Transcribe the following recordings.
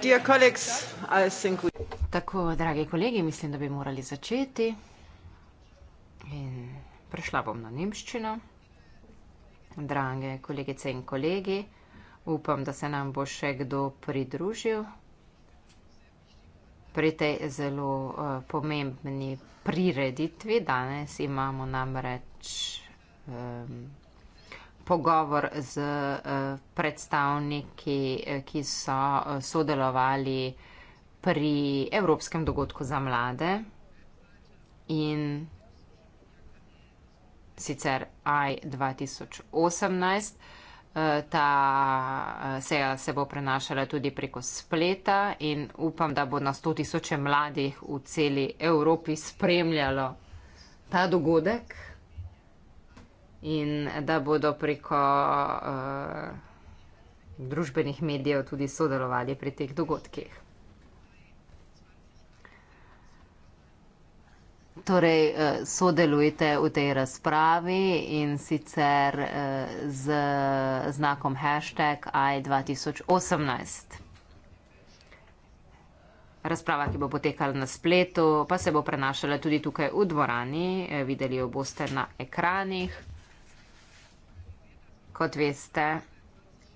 dear colleagues, I think we... Tako, dragi kolegi, mislim, da bi morali začeti. In prešla bom na nemščino. Drage kolegice in kolegi, upam, da se nam bo še kdo pridružil pri tej zelo uh, pomembni prireditvi. Danes imamo namreč um, pogovor z eh, predstavniki, eh, ki so eh, sodelovali pri Evropskem dogodku za mlade in sicer AI 2018. Ta seja se bo prenašala tudi preko spleta in upam, da bo na 100 tisoče mladih v celi Evropi spremljalo ta dogodek in da bodo preko uh, družbenih medijev tudi sodelovali pri teh dogodkih. Torej, eh, sodelujte v tej razpravi in sicer eh, z znakom hashtag i2018. Razprava, ki bo potekala na spletu, pa se bo prenašala tudi tukaj v dvorani. Videli jo boste na ekranih. Kot veste,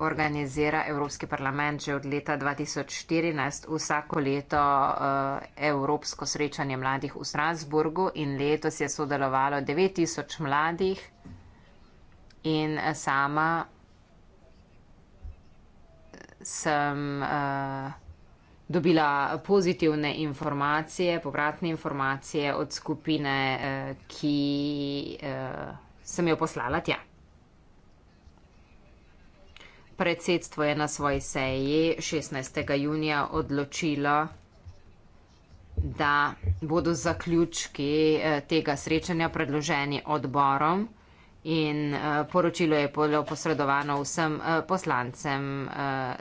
organizira Evropski parlament že od leta 2014 vsako leto eh, Evropsko srečanje mladih v Strasburgu in letos je sodelovalo 9000 mladih in sama sem uh, dobila pozitivne informacije, povratne informacije od skupine, uh, ki uh, sem jo poslala tja predsedstvo je na svoji seji 16. junija odločilo, da bodo zaključki eh, tega srečanja predloženi odborom in eh, poročilo je bilo posredovano vsem eh, poslancem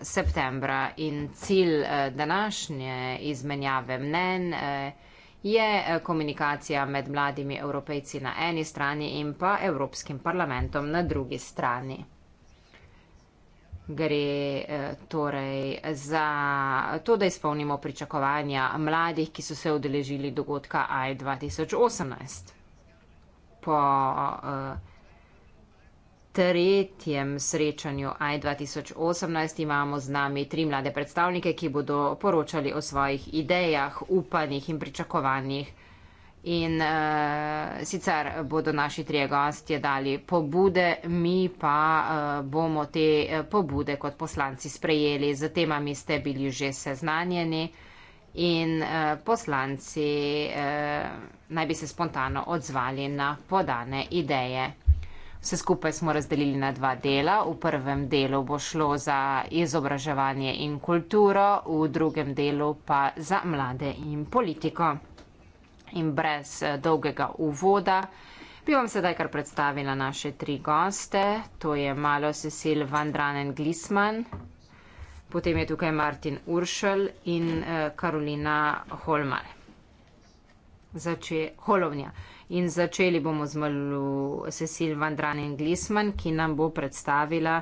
septembra in cilj današnje izmenjave mnen je komunikacija med mladimi evropejci na eni strani in pa Evropskim parlamentom na drugi strani gre eh, torej za to, da izpolnimo pričakovanja mladih, ki so se odeležili dogodka AI 2018. Po uh, tretjem srečanju AI 2018 imamo z nami tri mlade predstavnike, ki bodo poročali o svojih idejah, upanjih in pričakovanjih uh, In uh, sicer bodo naši trije gostje dali pobude, mi pa uh, bomo te uh, pobude kot poslanci sprejeli. Z temami ste bili že seznanjeni in uh, poslanci uh, naj bi se spontano odzvali na podane ideje. Vse skupaj smo razdelili na dva dela. V prvem delu bo šlo za izobraževanje in kulturo, v drugem delu pa za mlade in politiko in brez eh, dolgega uvoda. Bi vam sedaj kar predstavila naše tri goste. To je malo Cecil van Dranen Glisman, potem je tukaj Martin Uršel in eh, Karolina Holmar. Zače, Holovnja. In začeli bomo z malo Cecil van Dranen Glisman, ki nam bo predstavila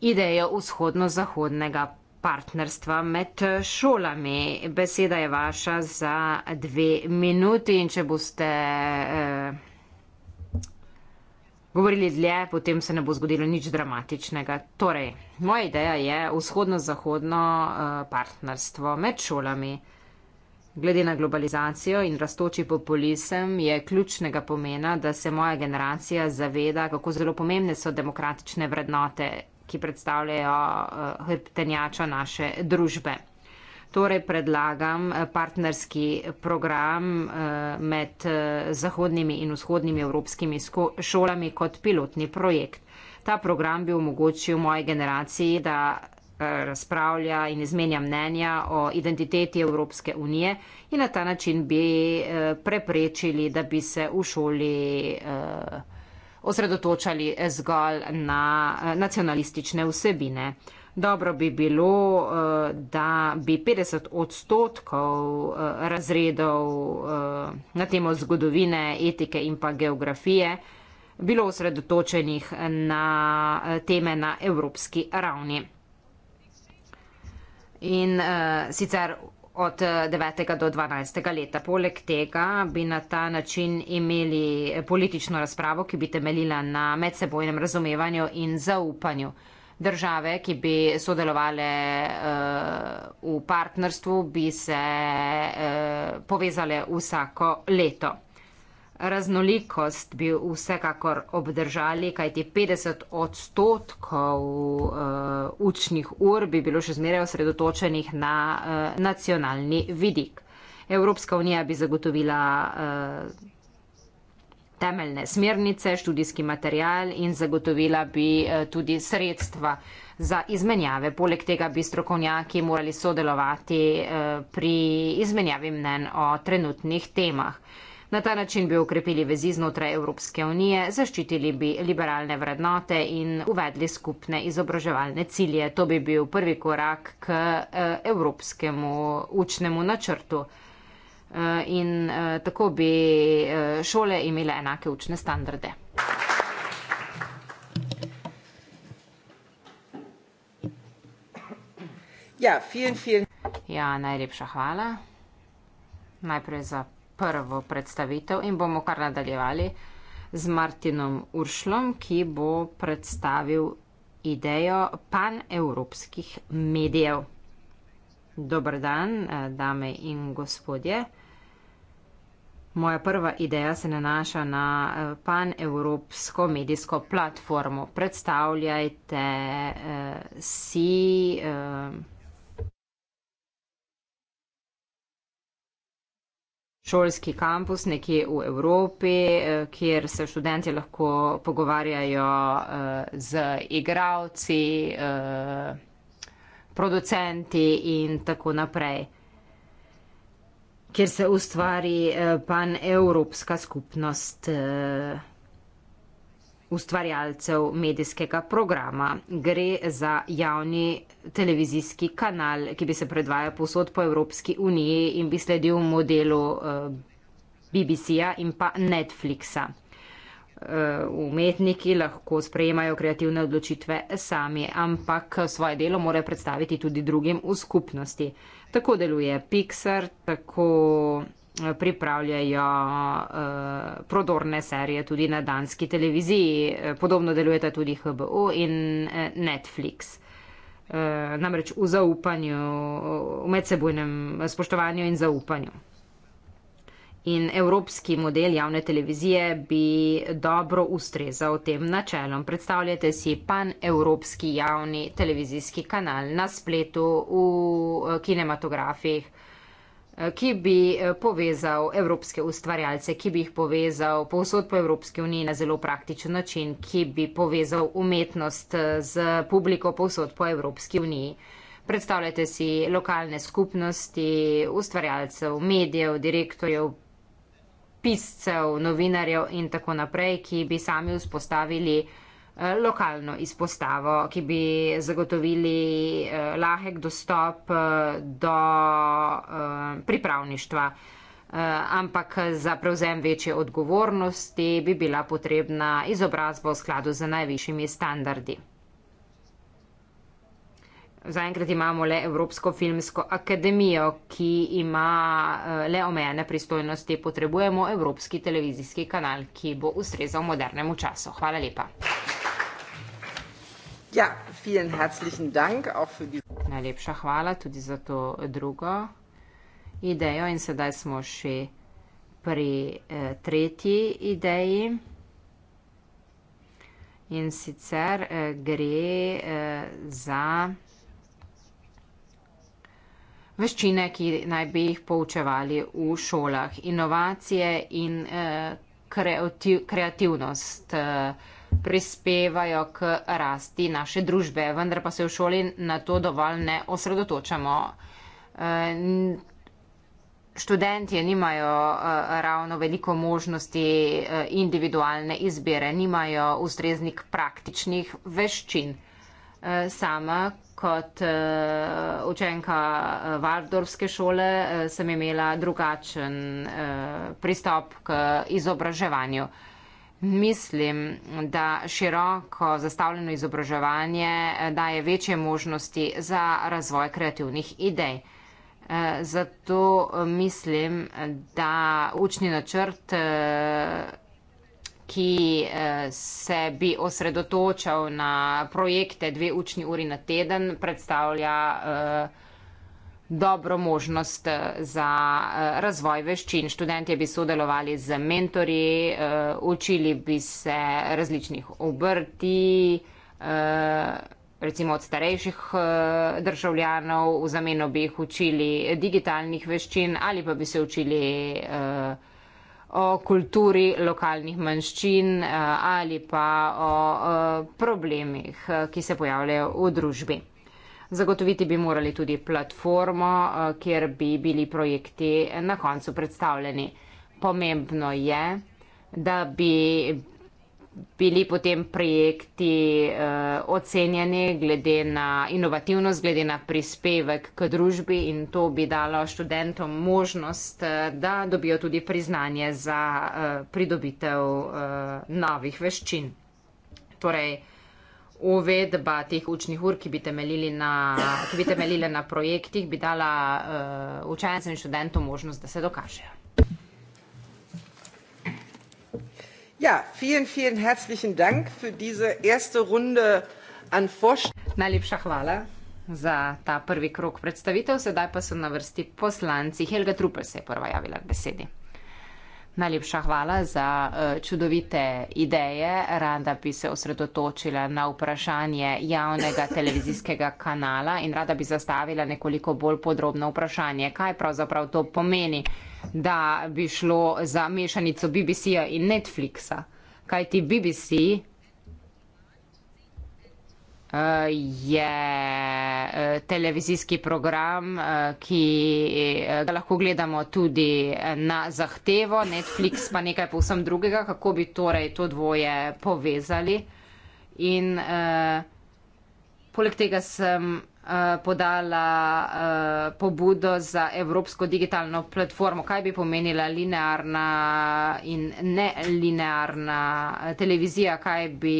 idejo vzhodno-zahodnega partnerstva med šolami. Beseda je vaša za dve minuti in če boste eh, govorili dlje, potem se ne bo zgodilo nič dramatičnega. Torej, moja ideja je vzhodno-zahodno eh, partnerstvo med šolami. Glede na globalizacijo in rastoči populizem je ključnega pomena, da se moja generacija zaveda, kako zelo pomembne so demokratične vrednote ki predstavljajo eh, hrbtenjačo naše družbe. Torej predlagam eh, partnerski program eh, med zahodnimi in vzhodnimi evropskimi šolami kot pilotni projekt. Ta program bi omogočil moji generaciji, da razpravlja in izmenja mnenja o identiteti Evropske unije in na ta način bi preprečili, da bi se v šoli. Uh, osredotočali zgolj na eh, nacionalistične vsebine. Dobro bi bilo, eh, da bi 50 odstotkov eh, razredov na temo zgodovine, etike in pa geografije bilo osredotočenih na teme na evropski ravni. In uh, sicer od 9. Eh, do 12. leta. Poleg tega bi na ta način imeli eh, politično razpravo, ki bi temeljila na medsebojnem razumevanju in zaupanju. Države, ki bi sodelovali uh, eh, v partnerstvu, bi se uh, povezali vsako leto. Raznolikost bi vsekakor obdržali, kajti 50 odstotkov uh, učnih ur bi bilo še zmeraj osredotočenih na uh, nacionalni vidik. Evropska unija bi zagotovila uh, temeljne smernice, študijski material in zagotovila bi uh, tudi sredstva za izmenjave. Poleg tega bi strokovnjaki morali sodelovati uh, pri izmenjavi mnen o trenutnih temah. Na ta način bi ukrepili vezi znotraj Evropske unije, zaščitili bi liberalne vrednote in uvedli skupne izobraževalne cilje. To bi bil prvi korak k eh, evropskemu učnemu načrtu. Eh, in eh, tako bi šole imele enake učne standarde. Ja, vielen, vielen. ja, najlepša hvala. Najprej za prvo predstavitev in bomo kar nadaljevali z Martinom Uršlom, ki bo predstavil idejo panevropskih medijev. Dober dan, eh, dame in gospodje. Moja prva ideja se nanaša na eh, panevropsko medijsko platformo. Predstavljajte eh, si. Eh, šolski kampus nekje v Evropi, eh, kjer se študenti lahko pogovarjajo eh, z igravci, eh, producenti in tako naprej, kjer se ustvari pan-evropska skupnost ustvarjalcev medijskega programa. Gre za javni televizijski kanal, ki bi se predvajal posod po Evropski uniji in bi sledil modelu eh, BBC-ja in pa Netflixa. Eh, umetniki lahko sprejemajo kreativne odločitve sami, ampak svoje delo morajo predstaviti tudi drugim v skupnosti. Tako deluje Pixar, tako pripravljajo eh, prodorne serije tudi na danski televiziji. Eh, podobno delujeta tudi HBO in eh, Netflix. Namreč v zaupanju, v medsebojnem spoštovanju in zaupanju. In evropski model javne televizije bi dobro ustrezal tem načelom. Predstavljajte si pan-evropski javni televizijski kanal na spletu, v kinematografih, Eh, ki bi eh, povezal evropske ustvarjalce, ki bi jih povezal povsod po Evropski uniji na zelo praktičen način, ki bi povezal umetnost eh, z publiko povsod po Evropski uniji. Predstavljajte si lokalne skupnosti, ustvarjalcev, medijev, direktorjev, piscev, novinarjev in tako naprej, ki bi sami vzpostavili Eh, lokalno izpostavo, ki bi zagotovili eh, lahek dostop eh, do pripravništva. Ampak za prevzem večje odgovornosti bi bila potrebna izobrazba v skladu z najvišjimi standardi. Zaenkrat imamo le Evropsko filmsko akademijo, ki ima le omejene pristojnosti. Potrebujemo Evropski televizijski kanal, ki bo ustrezal modernemu času. Hvala lepa. Ja, vielen herzlichen Dank auch für die. Najlepša hvala tudi za to drugo idejo in sedaj smo še pri eh, tretji ideji. In sicer eh, gre eh, za veščine, ki naj bi jih poučevali v šolah. Inovacije in eh, kreativ kreativnost. Eh, prispevajo k rasti naše družbe, vendar pa se v šoli na to dovolj ne osredotočamo. E, študentje nimajo e, ravno veliko možnosti e, individualne izbire, nimajo ustreznih praktičnih veščin. Sama kot učenka Valdorske šole sem imela drugačen pristop k izobraževanju. Mislim, da široko zastavljeno izobraževanje eh, daje večje možnosti za razvoj kreativnih idej. Eh, zato eh, mislim, da učni načrt, ki se bi osredotočal na projekte dve učni uri na teden, predstavlja dobro možnost eh, za eh, razvoj veščin. Študentje bi sodelovali z mentori, eh, učili bi se različnih obrti, recimo od starejših državljanov, v zameno bi jih učili digitalnih veščin ali pa bi se učili o kulturi lokalnih manjščin ali pa o problemih, ki se pojavljajo v družbi. Zagotoviti bi morali tudi platformo, eh, kjer bi bili projekti na koncu predstavljeni. Pomembno je, da bi bili potem projekti eh, ocenjeni glede na inovativnost, glede na prispevek k družbi in to bi dalo študentom možnost, eh, da dobijo tudi priznanje za eh, pridobitev eh, novih veščin. Torej, eh, uvedba teh učnih ur, ki bi temeljili na, ki bi temeljile na projektih, bi dala uh, učencem in študentom možnost, da se dokažejo. Ja, vielen, vielen herzlichen Dank für diese erste Runde an Forsch. Najlepša hvala za ta prvi krok predstavitev, sedaj pa so na vrsti poslanci. Helga Trupel se je prva javila k besedi. Najlepša hvala za eh, čudovite ideje. Rada bi se osredotočila na vprašanje javnega televizijskega kanala in rada bi zastavila nekoliko bolj podrobno vprašanje, kaj pravzaprav to pomeni, da bi šlo za mešanico BBC-ja in Netflixa. Kaj ti BBC je eh, televizijski program, eh, ki eh, ga lahko gledamo tudi na zahtevo, Netflix pa nekaj povsem drugega, kako bi torej to dvoje povezali. In uh, poleg tega sem uh, podala uh, pobudo za evropsko digitalno platformo, kaj bi pomenila linearna in nelinearna televizija, kaj bi.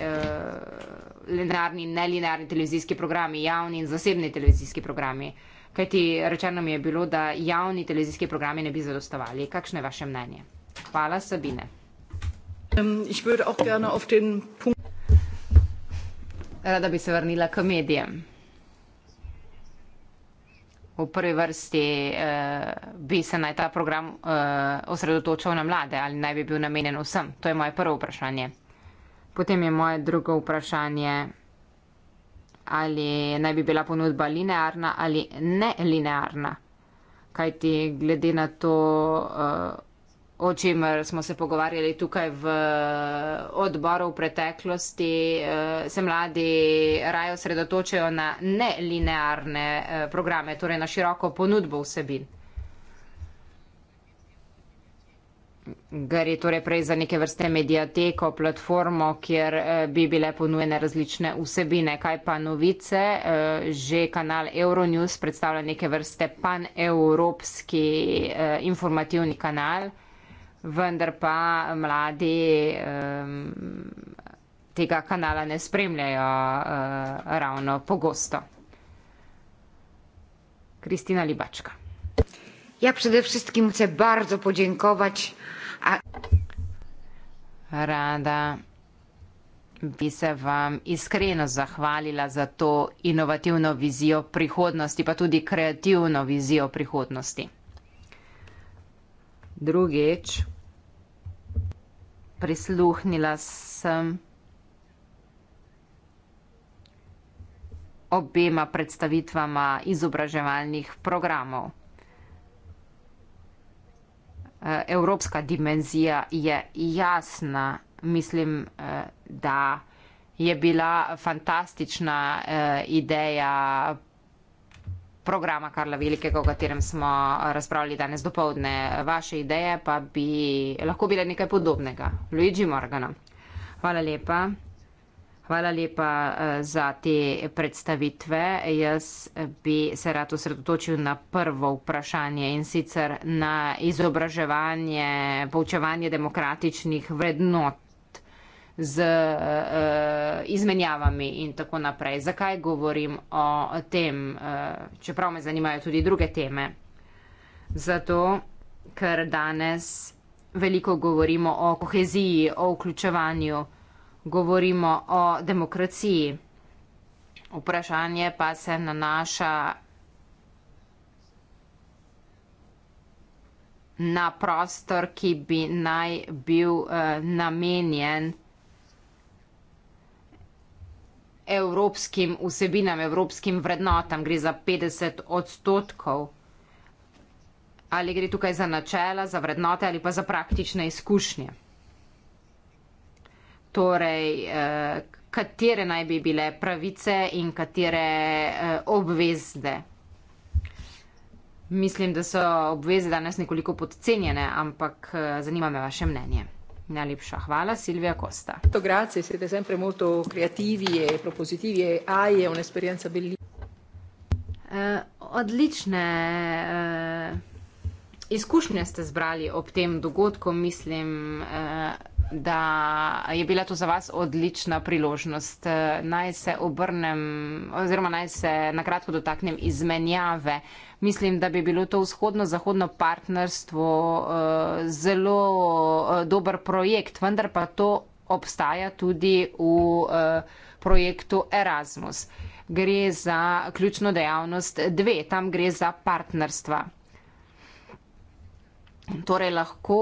Uh, linearni in nelinearni televizijski programi, javni in zasebni televizijski programi. Kajti rečeno mi je bilo, da javni televizijski programi ne bi zadostovali. Kakšno je vaše mnenje? Hvala, Sabine. Rada bi se vrnila k medijem. V prvi vrsti eh, bi se naj ta program eh, osredotočal na mlade ali naj bi bil namenjen vsem. To je moje prvo vprašanje. Potem je moje drugo vprašanje, ali naj bi bila ponudba linearna ali ne linearna. Kaj ti glede na to, eh, o čemer smo se pogovarjali tukaj v eh, odboru v preteklosti, eh, se mladi raje osredotočajo na ne linearne programe, torej na široko ponudbo vsebin. gre torej prej za neke vrste medijateko, platformo, kjer eh, bi bile ponujene različne vsebine. Kaj pa novice? Eh, že kanal Euronews predstavlja neke vrste pan-evropski eh, informativni kanal, vendar pa mladi ehm, tega kanala ne spremljajo ravno pogosto. Kristina Libačka. Ja, przede wszystkim chcę bardzo podziękować. A... Rada bi se vam iskreno zahvalila za to inovativno vizijo prihodnosti, pa tudi kreativno vizijo prihodnosti. Drugič, prisluhnila sem obema predstavitvama izobraževalnih programov. Eh, evropska dimenzija je jasna. Mislim, eh, da je bila fantastična eh, ideja programa Karla Velikega, o katerem smo razpravljali danes dopoledne. Vaše ideje pa bi lahko bile nekaj podobnega. Luigi Morgana. Hvala lepa. Hvala lepa eh, za te predstavitve. Jaz bi se rad osredotočil na prvo vprašanje in sicer na izobraževanje, poučevanje demokratičnih vrednot z eh, izmenjavami in tako naprej. Zakaj govorim o tem, eh, čeprav me zanimajo tudi druge teme? Zato, ker danes veliko govorimo o koheziji, o vključevanju govorimo o demokraciji. Vprašanje pa se nanaša na prostor, ki bi naj bil eh, namenjen evropskim vsebinam, evropskim vrednotam. Gre za 50 odstotkov. Ali gre tukaj za načela, za vrednote ali pa za praktične izkušnje? torej, eh, katere naj bi bile pravice in katere eh, obvezde. Mislim, da so obveze danes nekoliko podcenjene, ampak eh, zanima me vaše mnenje. Najlepša hvala, Silvija Kosta. E e odlične izkušnje ste zbrali ob tem dogodku, mislim. Uh, da je bila to za vas odlična priložnost. Eh, naj se obrnem, oziroma naj se na kratko dotaknem izmenjave. Mislim, da bi bilo to vzhodno-zahodno partnerstvo eh, zelo eh, dober projekt, vendar pa to obstaja tudi v projektu Erasmus. Gre za ključno dejavnost dve, tam gre za partnerstva. Torej lahko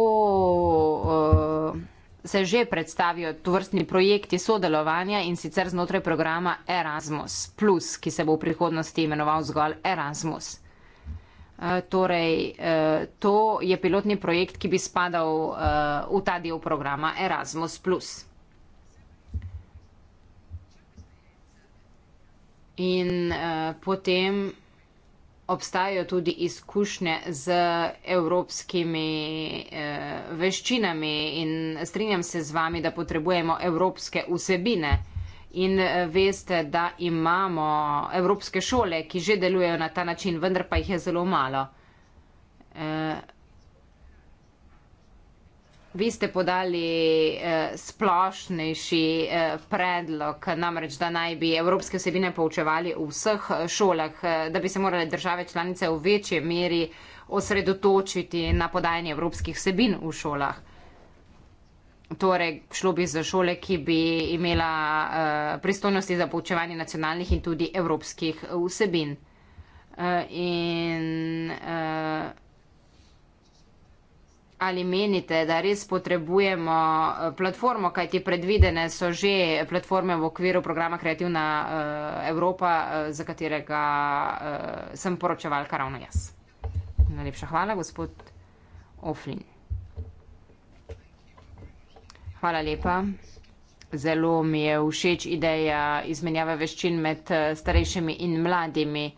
uh, se že predstavijo tovrstni projekti sodelovanja in sicer znotraj programa Erasmus, ki se bo v prihodnosti imenoval zgolj Erasmus. E, torej, e, to je pilotni projekt, ki bi spadal e, v ta del programa Erasmus. In uh, potem obstajajo tudi izkušnje z evropskimi eh, veščinami in strinjam se z vami, da potrebujemo evropske vsebine. In eh, veste, da imamo evropske šole, ki že delujejo na ta način, vendar pa jih je zelo malo. Eh, Vi ste podali eh, splošnejši eh, predlog, namreč da naj bi evropske vsebine poučevali v vseh eh, šolah, eh, da bi se morale države članice v večji meri osredotočiti na podajanje evropskih vsebin v šolah. Torej, šlo bi za šole, ki bi imela uh, pristojnosti za poučevanje nacionalnih in tudi evropskih eh, vsebin. Uh, in, uh, Ali menite, da res potrebujemo eh, platformo, kajti predvidene so že platforme v okviru programa Kreativna eh, Evropa, eh, za katerega sem poročevalka ravno jaz? Najlepša hvala, gospod Oflin. Hvala lepa. Zelo mi je všeč ideja izmenjave veščin med starejšimi in mladimi.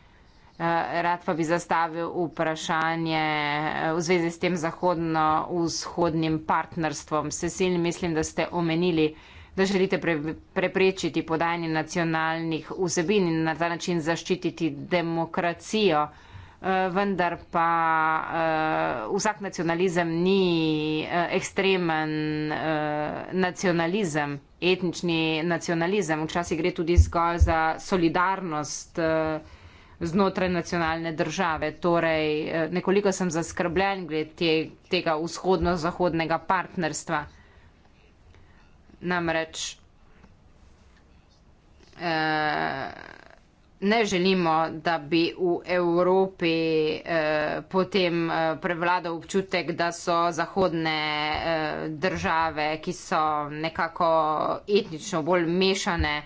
Eh, rad pa bi zastavil vprašanje eh, v zvezi s tem zahodno-vzhodnim partnerstvom. Cecil, mislim, da ste omenili, da želite preprečiti podajanje nacionalnih vsebin in na ta način zaščititi demokracijo. Eh, vendar pa uh, vsak nacionalizem ni uh, ekstremen uh, nacionalizem, etnični nacionalizem. Včasih gre tudi zgolj za solidarnost uh, znotraj nacionalne države. Torej, eh, nekoliko sem zaskrbljen glede tega vzhodno-zahodnega partnerstva. Namreč eh, ne želimo, da bi v Evropi eh, potem prevladal občutek, da so zahodne države, ki so nekako etnično bolj mešane,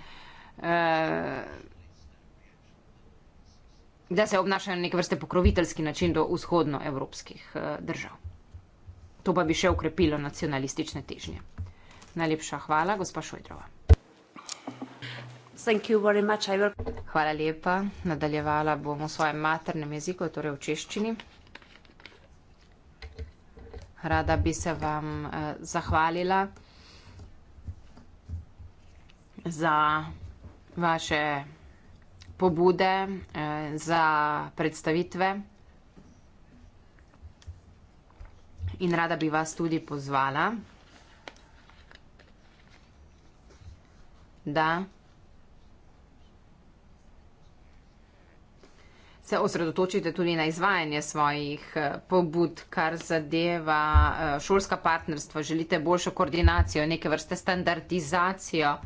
da se obnašajo na nek vrste pokroviteljski način do vzhodnoevropskih eh, držav. To pa bi še ukrepilo nacionalistične težnje. Najlepša hvala, gospa Šojdrova. Much, hvala lepa. Nadaljevala bom v svojem maternem jeziku, torej v češčini. Rada bi se vam eh, zahvalila za vaše pobude eh, za predstavitve. In rada bi vas tudi pozvala, da se osredotočite tudi na izvajanje svojih eh, pobud, kar zadeva eh, šolska partnerstva. Želite boljšo koordinacijo, neke vrste standardizacijo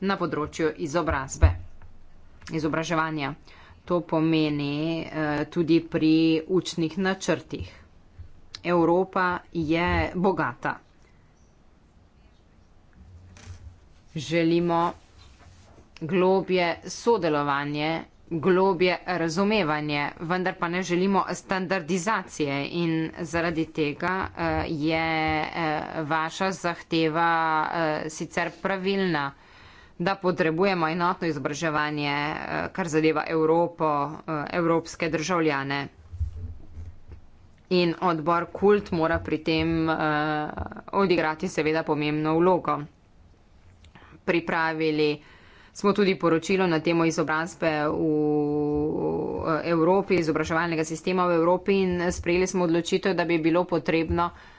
na področju izobrazbe izobraževanja. To pomeni eh, tudi pri učnih načrtih. Evropa je bogata. Želimo globje sodelovanje, globje razumevanje, vendar pa ne želimo standardizacije in zaradi tega eh, je eh, vaša zahteva eh, sicer pravilna da potrebujemo enotno izobraževanje, eh, kar zadeva Evropo, eh, evropske državljane. In odbor kult mora pri tem uh, odigrati seveda pomembno vlogo. Pripravili smo tudi poročilo na temo izobrazbe v Evropi, izobraževalnega sistema v Evropi in sprejeli smo odločitev, da bi bilo potrebno uh,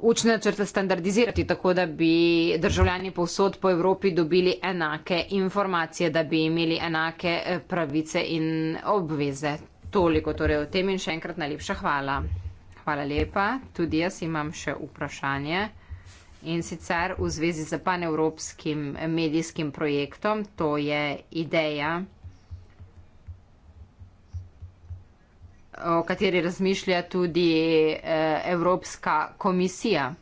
učne načrte standardizirati, tako da bi državljani povsod po Evropi dobili enake informacije, da bi imeli enake eh, pravice in obveze. Toliko torej o tem in še enkrat najlepša hvala. Hvala lepa. Tudi jaz imam še vprašanje in sicer v zvezi z panevropskim medijskim projektom, to je ideja. o kateri razmišlja tudi eh, Evropska komisija.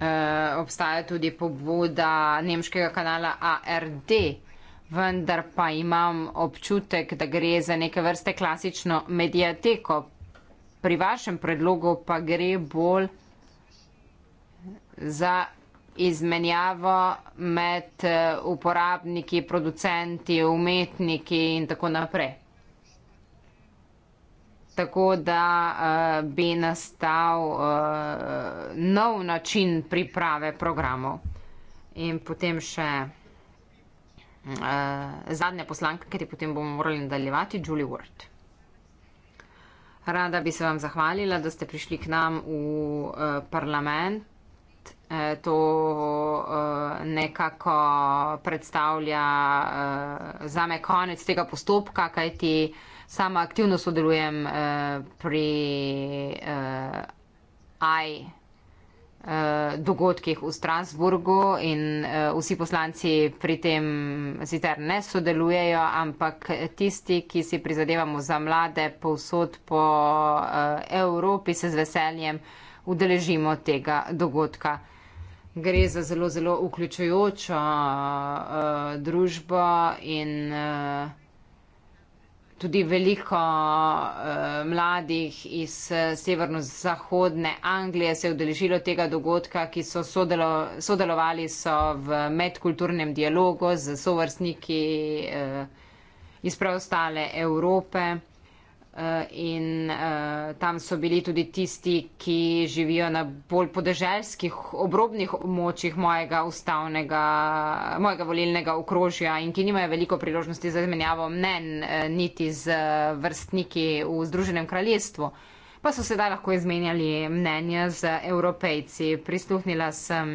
Eh, obstaja tudi pobuda nemškega kanala ARD, vendar pa imam občutek, da gre za neke vrste klasično medijateko. Pri vašem predlogu pa gre bolj za izmenjavo med eh, uporabniki, producenti, umetniki in tako naprej. Tako da eh, bi nastal eh, nov način priprave programov. In potem še zadnja poslanka, ker je potem bomo morali nadaljevati, Julie Ward. Rada bi se vam zahvalila, da ste prišli k nam v parlament. E, to e, nekako predstavlja e, za me konec tega postopka, kajti sama aktivno sodelujem pri AI dogodkih v Strasburgu in vsi poslanci pri tem sicer ne sodelujejo, ampak tisti, ki si prizadevamo za mlade povsod po Evropi, se z veseljem udeležimo tega dogodka gre za zelo, zelo vključujoča uh, eh, družba in uh, tudi veliko uh, mladih iz severno-zahodne Anglije se je udeležilo tega dogodka, ki so sodelo, sodelovali so v medkulturnem dialogu z sovrstniki uh, iz preostale Evrope. Eh, in eh, tam so bili tudi tisti, ki živijo na bolj podeželskih obrobnih močjih mojega ustavnega, mojega volilnega okrožja in ki nimajo veliko priložnosti za izmenjavo mnen eh, niti z vrstniki v Združenem kraljestvu. Pa so sedaj lahko izmenjali mnenja z evropejci. Prisluhnila sem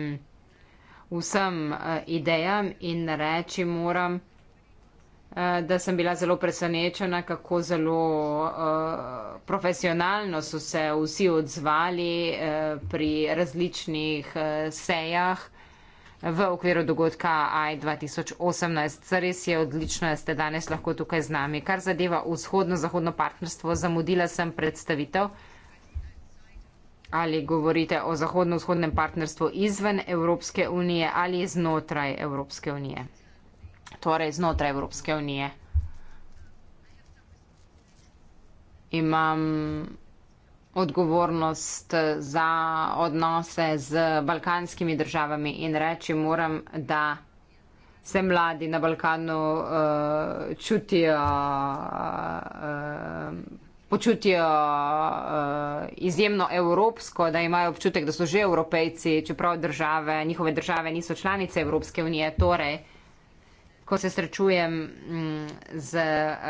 vsem idejam in reči moram, Eh, da sem bila zelo presenečena, kako zelo uh, profesionalno so se vsi odzvali uh, pri različnih uh, sejah v okviru dogodka AI 2018. Res je odlično, da ste danes lahko tukaj z nami. Kar zadeva vzhodno-zahodno partnerstvo, zamudila sem predstavitev. Ali govorite o zahodno-vzhodnem partnerstvu izven Evropske unije ali znotraj Evropske unije? torej znotraj Evropske unije. Imam odgovornost za odnose z balkanskimi državami in reči moram, da se mladi na Balkanu uh, čutijo, uh, počutijo uh, izjemno evropsko, da imajo občutek, da so že evropejci, čeprav države, njihove države niso članice Evropske unije. Torej, uh, ko se srečujem m, mm, z uh,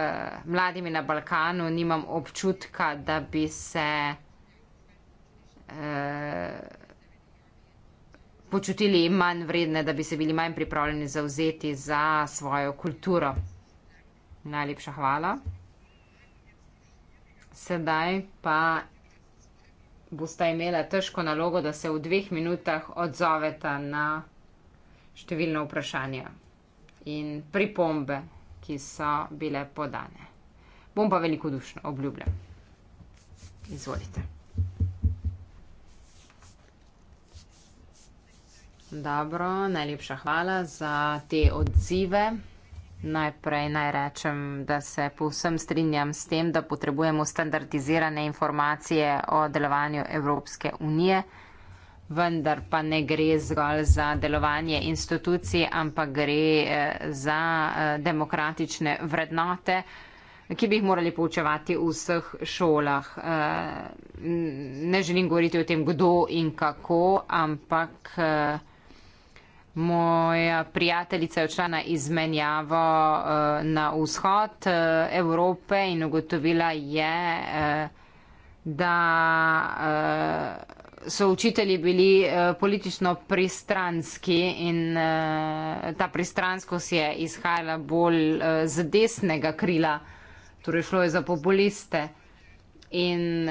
mladimi na Balkanu, nimam občutka, da bi se uh, počutili manj vredne, da bi se bili manj pripravljeni zauzeti za svojo kulturo. Najlepša hvala. Sedaj pa boste imeli težko nalogo, da se v dveh minutah odzovete na številna vprašanja in pripombe, ki so bile podane. Bom pa velikodušno obljubljen. Izvolite. Dobro, najlepša hvala za te odzive. Najprej naj rečem, da se povsem strinjam s tem, da potrebujemo standardizirane informacije o delovanju Evropske unije vendar pa ne gre zgolj za delovanje institucij, ampak gre eh, za eh, demokratične vrednote, ki bi jih morali poučevati v vseh šolah. Eh, ne želim govoriti o tem, kdo in kako, ampak moja prijateljica je odšla na izmenjavo na vzhod Evrope in ugotovila je, da so učitelji bili eh, politično pristranski in eh, ta pristranskost je izhajala bolj eh, z desnega krila, torej šlo je za populiste. In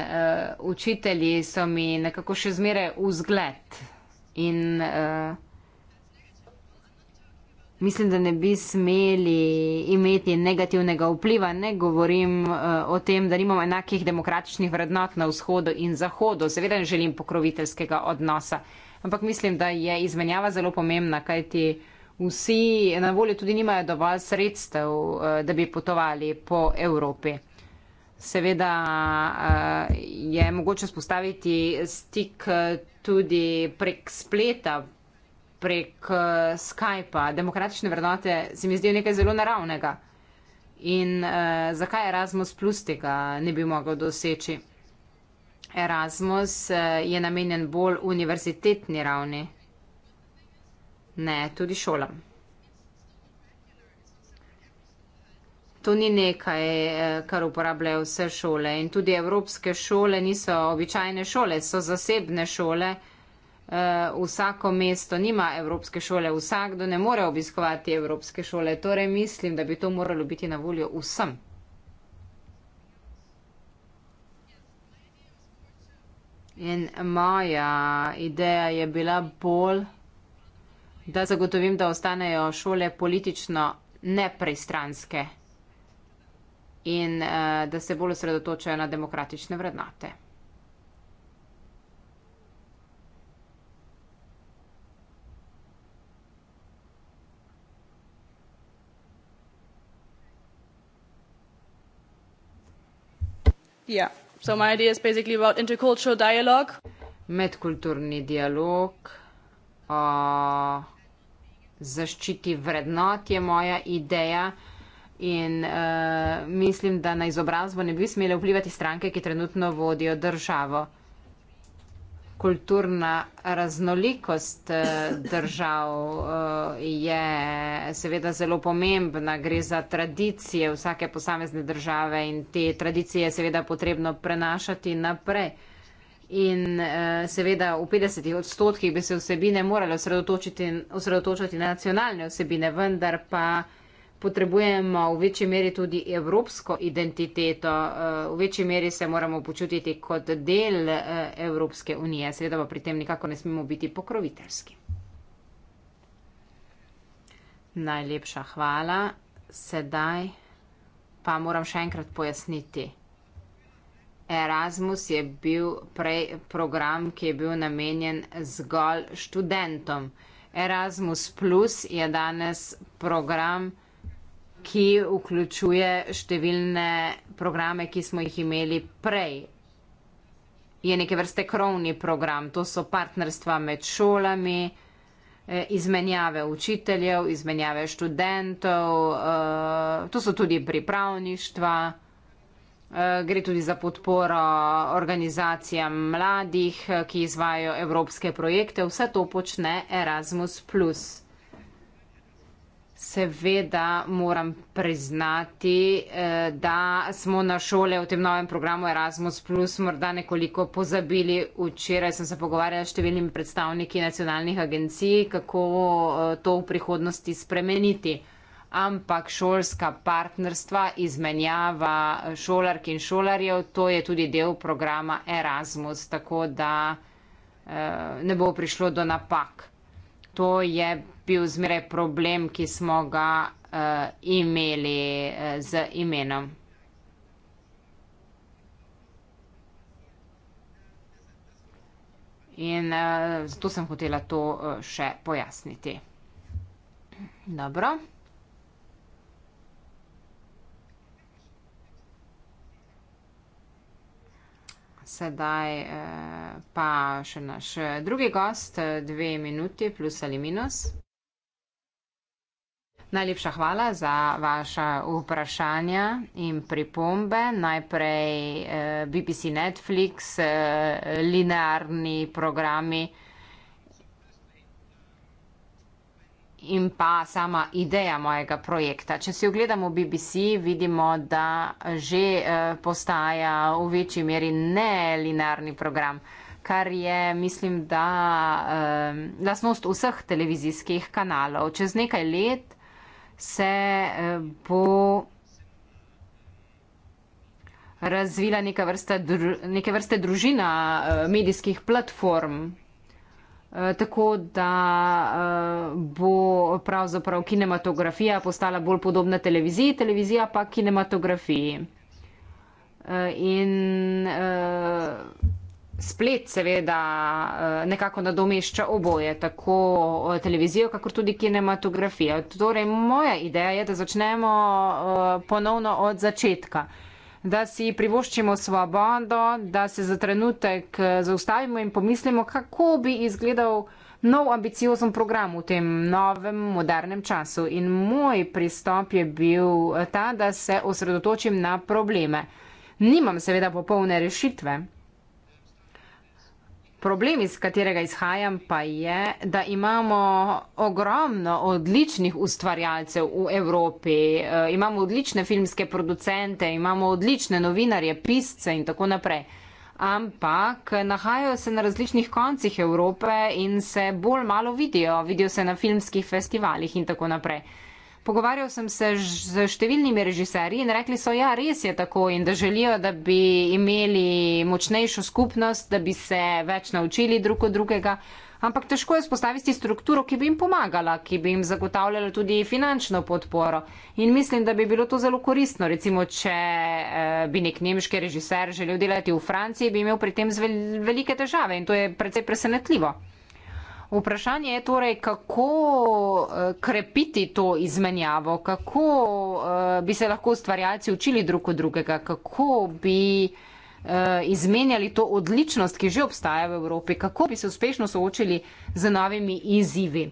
učitelji so mi nekako še zmeraj vzgled in mislim, da ne bi smeli imeti negativnega vpliva. Ne govorim uh, o tem, da nimamo enakih demokratičnih vrednot na vzhodu in zahodu. Seveda ne želim pokroviteljskega odnosa, ampak mislim, da je izmenjava zelo pomembna, kajti vsi na voljo tudi nimajo dovolj sredstev, uh, da bi potovali po Evropi. Seveda eh, je mogoče spostaviti stik tudi prek spleta, prek uh, eh, Skypa. Demokratične vrednote se mi zdijo nekaj zelo naravnega. In uh, zakaj Erasmus plus tega ne bi mogel doseči? Erasmus uh, je namenjen bolj univerzitetni ravni, ne tudi šolam. To ni nekaj, kar uporabljajo vse šole. In tudi evropske šole niso običajne šole, so zasebne šole, uh, Eh, vsako mesto nima evropske šole, vsakdo ne more obiskovati evropske šole. Torej mislim, da bi to moralo biti na voljo vsem. In moja ideja je bila bolj, da zagotovim, da ostanejo šole politično nepristranske in eh, da se bolj osredotočajo na demokratične vrednote. Yeah. So my idea is basically about intercultural dialogue. Medkulturni dialog. Uh, zaščiti vrednot je moja ideja. In uh, mislim, da na izobrazbo ne bi smele vplivati stranke, ki trenutno vodijo državo kulturna raznolikost eh, držav eh, je seveda zelo pomembna. Gre za tradicije vsake posamezne države in te tradicije je seveda potrebno prenašati naprej. In eh, seveda v 50 odstotkih bi se vsebine morale osredotočiti, osredotočiti na nacionalne vsebine, vendar pa potrebujemo v večji meri tudi evropsko identiteto, eh, v večji meri se moramo počutiti kot del eh, Evropske unije, seveda pa pri tem nikako ne smemo biti pokroviteljski. Najlepša hvala. Sedaj pa moram še enkrat pojasniti. Erasmus je bil prej program, ki je bil namenjen zgolj študentom. Erasmus Plus je danes program, ki vključuje številne programe, ki smo jih imeli prej. Je neke vrste krovni program, to so partnerstva med šolami, eh, izmenjave učiteljev, izmenjave študentov, eh, to so tudi pripravništva, eh, gre tudi za podporo organizacijam mladih, ki izvajo evropske projekte, vse to počne Erasmus. Seveda moram priznati, eh, da smo na šole v tem novem programu Erasmus, Plus morda nekoliko pozabili. Včeraj sem se pogovarjala s številnimi predstavniki nacionalnih agencij, kako eh, to v prihodnosti spremeniti. Ampak šolska partnerstva, izmenjava šolark in šolarjev, to je tudi del programa Erasmus, tako da eh, ne bo prišlo do napak to je bil zmeraj problem, ki smo ga uh, imeli uh, z imenom. In uh, zato sem hotela to uh, še pojasniti. Dobro. sedaj eh, pa še naš eh, drugi gost, eh, dve minuti plus ali minus. Najlepša hvala za vaša vprašanja in pripombe. Najprej BBC, Netflix, linearni programi. in pa sama ideja mojega projekta. Če si ogledamo BBC, vidimo, da že eh, postaja v večji meri nelinarni program, kar je, mislim, da eh, lasnost vseh televizijskih kanalov. Čez nekaj let se eh, bo razvila neke vrste družina medijskih platform, Eh, tako da eh, bo pravzaprav kinematografija postala bolj podobna televiziji, televizija pa kinematografiji. Eh, in splet seveda nekako nadomešča oboje, tako televizijo, kakor tudi kinematografijo. Torej, moja ideja je, da začnemo ponovno od začetka da si privoščimo svobodo, da se za trenutek eh, zaustavimo in pomislimo, kako bi izgledal nov ambiciozen program v tem novem modernem času. In moj pristop je bil eh, ta, da se osredotočim na probleme. Nimam seveda popolne rešitve, Problem, iz katerega izhajam, pa je, da imamo ogromno odličnih ustvarjalcev v Evropi, e, imamo odlične filmske producente, imamo odlične novinarje, pisce in tako naprej. Ampak nahajajo se na različnih koncih Evrope in se bolj malo vidijo, vidijo se na filmskih festivalih in tako naprej. Pogovarjal sem se z številnimi režiserji in rekli so, ja, res je tako in da želijo, da bi imeli močnejšo skupnost, da bi se več naučili drug od drugega. Ampak težko je spostaviti strukturo, ki bi jim pomagala, ki bi jim zagotavljala tudi finančno podporo. In mislim, da bi bilo to zelo koristno. Recimo, če eh, bi nek nemški režiser želel delati v Franciji, bi imel pri tem velike težave in to je precej presenetljivo. Vprašanje je torej, kako eh, krepiti to izmenjavo, kako eh, bi se lahko ustvarjalci učili drug od drugega, kako bi eh, izmenjali to odličnost, ki že obstaja v Evropi, kako bi se uspešno soočili z novimi izzivi.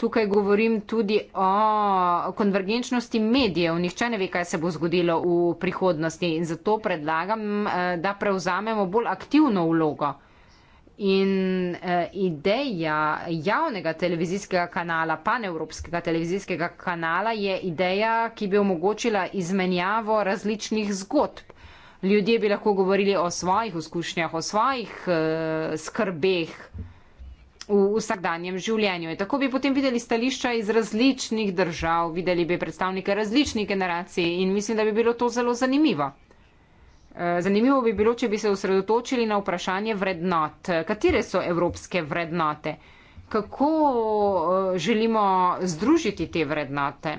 Tukaj govorim tudi o konvergenčnosti medijev. Nihče ne ve, kaj se bo zgodilo v prihodnosti in zato predlagam, da prevzamemo bolj aktivno vlogo. In uh, ideja javnega televizijskega kanala, panevropskega televizijskega kanala, je ideja, ki bi omogočila izmenjavo različnih zgodb. Ljudje bi lahko govorili o svojih izkušnjah, o svojih uh, skrbeh v vsakdanjem življenju. In tako bi potem videli stališča iz različnih držav, videli bi predstavnike različnih generacij in mislim, da bi bilo to zelo zanimivo. Zanimivo bi bilo, če bi se osredotočili na vprašanje vrednot. Katere so evropske vrednote? Kako eh, želimo združiti te vrednote?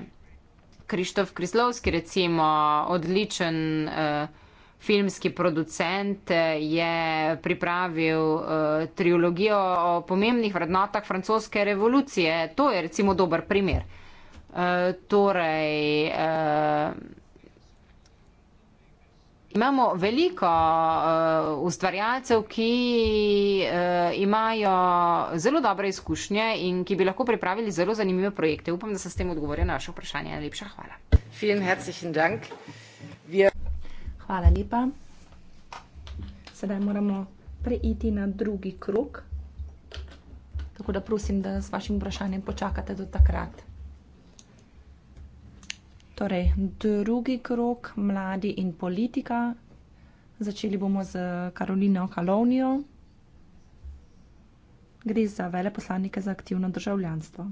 Krištof Krislovski, recimo odličen uh, filmski producent, je pripravil uh, trilogijo o pomembnih vrednotah francoske revolucije. To je recimo dober primer. Uh, torej, uh, Imamo veliko uh, ustvarjalcev, ki uh, imajo zelo dobre izkušnje in ki bi lahko pripravili zelo zanimive projekte. Upam, da se s tem odgovorijo na vaše vprašanje. Najlepša hvala. Hvala lepa. Sedaj moramo preiti na drugi krok. Tako da prosim, da s vašim vprašanjem počakate do takrat. Torej, drugi krok, mladi in politika. Začeli bomo z Karolino Kalonijo. Gre za veleposlanike za aktivno državljanstvo.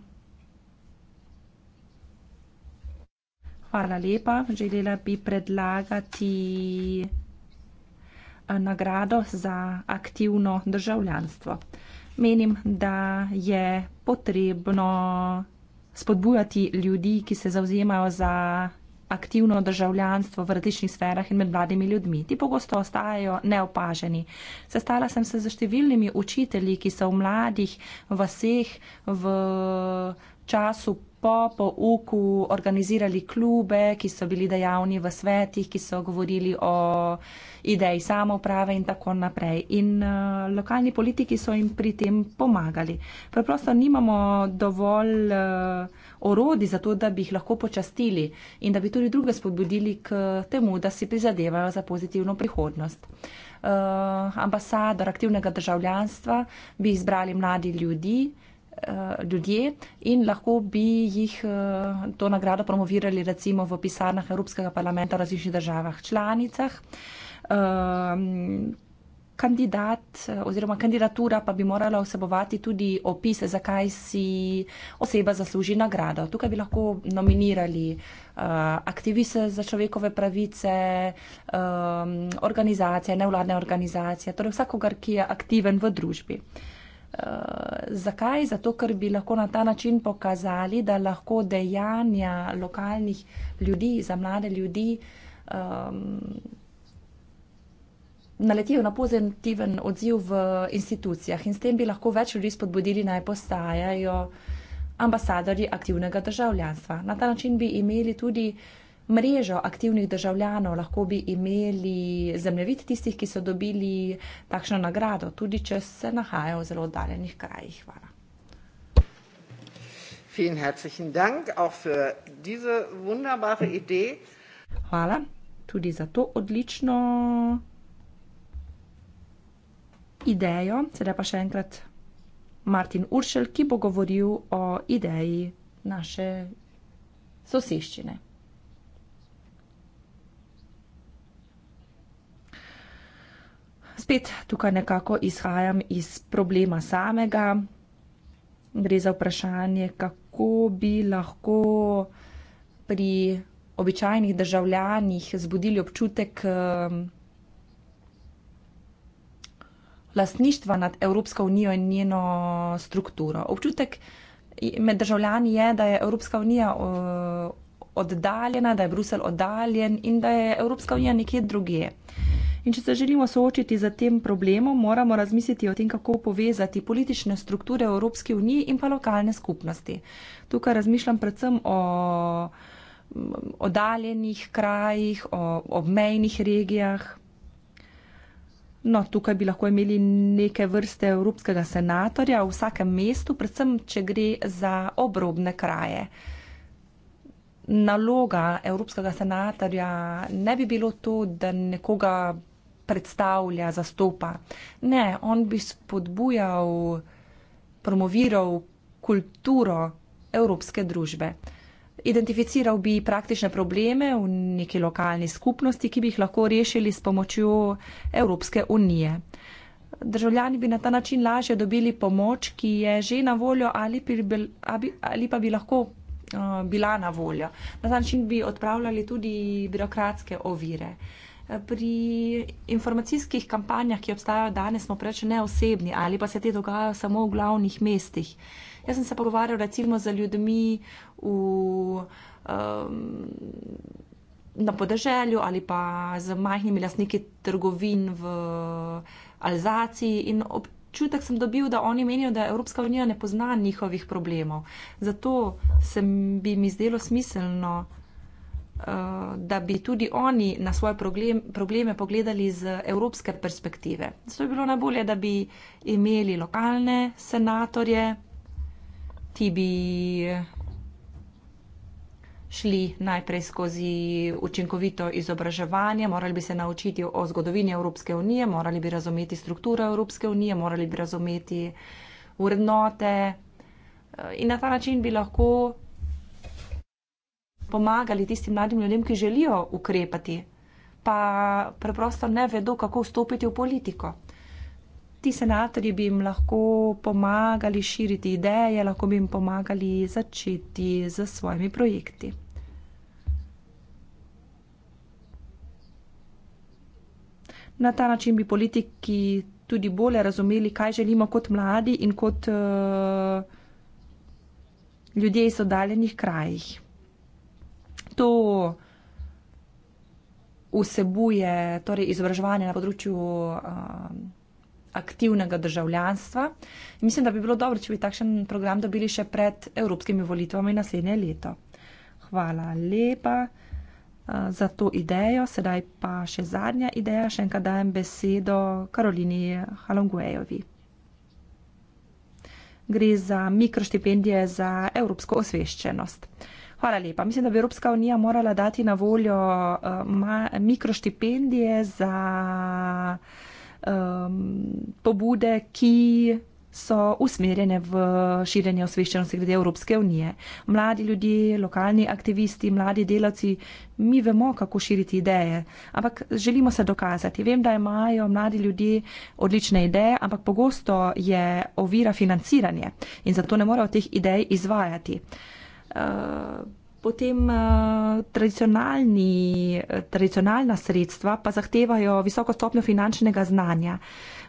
Hvala lepa. Želela bi predlagati eh, nagrado za aktivno državljanstvo. Menim, da je potrebno spodbujati ljudi, ki se zauzemajo za aktivno državljanstvo v različnih sferah in med mladimi ljudmi. Ti pogosto ostajajo neopaženi. Sestala sem se z številnimi učitelji, ki so v mladih vseh v času po pouku organizirali klube, ki so bili dejavni v svetih, ki so govorili o ideji samoprave in tako naprej. In uh, lokalni politiki so jim pri tem pomagali. Preprosto nimamo dovolj uh, eh, orodi za to, da bi jih lahko počastili in da bi tudi druge spodbudili k temu, da si prizadevajo za pozitivno prihodnost. Uh, ambasador aktivnega državljanstva bi izbrali mladi ljudi, Eh, ljudje in lahko bi jih eh, to nagrado promovirali recimo v pisarnah Evropskega parlamenta v različnih državah članicah. Ehm, kandidat eh, oziroma kandidatura pa bi morala vsebovati tudi opis, zakaj si oseba zasluži nagrado. Tukaj bi lahko nominirali aktiviste za človekove pravice, ehm, organizacije, nevladne organizacije, torej vsakogar, ki je aktiven v družbi. Eh, zakaj? Zato, ker bi lahko na ta način pokazali, da lahko dejanja lokalnih ljudi, za mlade ljudi, um, naletijo na pozitiven odziv v institucijah in s tem bi lahko več ljudi spodbudili naj postajajo ambasadori aktivnega državljanstva. Na ta način bi imeli tudi uh, mrežo aktivnih državljanov, lahko bi imeli zemljevid tistih, ki so dobili takšno nagrado, tudi če se nahajajo v zelo oddaljenih krajih. Hvala. Vielen herzlichen Dank auch für diese wunderbare Idee. Hvala tudi za to odlično idejo. Sedaj pa še enkrat Martin Uršel, ki bo govoril o ideji naše soseščine. spet tukaj nekako izhajam iz problema samega. Gre za vprašanje, kako bi lahko pri običajnih državljanih zbudili občutek um, lastništva nad Evropsko unijo in njeno strukturo. Občutek med državljani je, da je Evropska unija uh, oddaljena, da je Brusel oddaljen in da je Evropska unija nekje drugje. Uh, In če se želimo soočiti z tem problemom, moramo razmisliti o tem, kako povezati politične strukture Evropske unije in pa lokalne skupnosti. Tukaj razmišljam predvsem o mm, odaljenih krajih, o obmejnih regijah. No, tukaj bi lahko imeli neke vrste evropskega senatorja v vsakem mestu, predvsem, če gre za obrobne kraje. Naloga evropskega senatorja ne bi bilo to, da nekoga predstavlja, zastopa. Ne, on bi spodbujal, promoviral kulturo evropske družbe. Identificiral bi praktične probleme v neki lokalni skupnosti, ki bi jih lahko rešili s pomočjo Evropske unije. Državljani bi na ta način lažje dobili pomoč, ki je že na voljo ali, bi, ali pa bi lahko uh, bila na voljo. Na ta način bi odpravljali tudi birokratske ovire. Uh, pri informacijskih kampanjah, ki obstajajo danes, smo preveč neosebni ali pa se te dogajajo samo v glavnih mestih. Jaz sem se pogovarjal recimo z ljudmi v, um, na podeželju ali pa z majhnimi lasniki trgovin v Alzaciji in občutek sem dobil, da oni menijo, da Evropska unija ne pozna njihovih problemov. Zato se bi mi zdelo smiselno Eh, da bi tudi oni na svoje probleme pogledali z evropske perspektive. Zato bi bilo najbolje, da bi imeli lokalne senatorje, ti bi šli najprej skozi učinkovito izobraževanje, morali bi se naučiti o zgodovini Evropske unije, morali bi razumeti strukturo Evropske unije, morali bi razumeti vrednote eh, in na ta način bi lahko pomagali tistim mladim ljudem, ki želijo ukrepati, pa preprosto ne vedo, kako vstopiti v politiko. Ti senatorji bi jim lahko pomagali širiti ideje, lahko bi jim pomagali začeti z svojimi projekti. Na ta način bi politiki tudi bolje razumeli, kaj želimo kot mladi in kot uh, ljudje iz oddaljenih krajih to vsebuje torej izobraževanje na področju um, aktivnega državljanstva. In mislim, da bi bilo dobro, če bi takšen program dobili še pred evropskimi volitvami naslednje leto. Hvala lepa uh, za to idejo. Sedaj pa še zadnja ideja. Še enkrat dajem besedo Karolini Halongwejovi. Gre za mikroštipendije za evropsko osveščenost. Uh, Hvala lepa. Mislim, da bi Evropska unija morala dati na voljo eh, mikroštipendije za um, pobude, ki so usmerjene v širjenje osveščenosti glede Evropske unije. Mladi ljudje, lokalni aktivisti, mladi delavci, mi vemo, kako širiti ideje, ampak želimo se dokazati. Vem, da imajo mladi ljudje odlične ideje, ampak pogosto je ovira financiranje in zato ne morejo teh idej izvajati. Uh, Eh, potem eh, tradicionalni, eh, tradicionalna sredstva pa zahtevajo visoko stopnjo finančnega znanja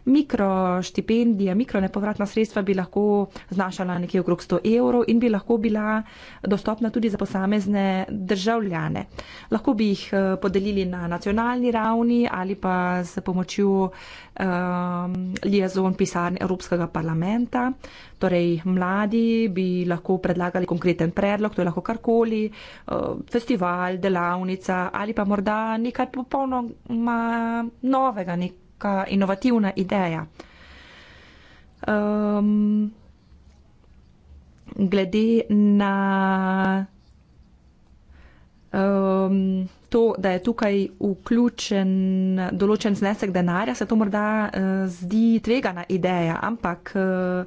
mikroštipendija, mikro nepovratna sredstva bi lahko znašala nekje okrog 100 evrov in bi lahko bila dostopna tudi za posamezne državljane. Lahko bi jih eh, podelili na nacionalni ravni ali pa s pomočjo um, ehm, liazon pisarne Evropskega parlamenta. Torej, mladi bi lahko predlagali konkreten predlog, to je lahko karkoli, eh, festival, delavnica ali pa morda nekaj popolnoma novega, nek taka inovativna ideja. Um, glede na um, to, da je tukaj vključen določen znesek denarja, se to morda uh, zdi tvegana ideja, ampak uh,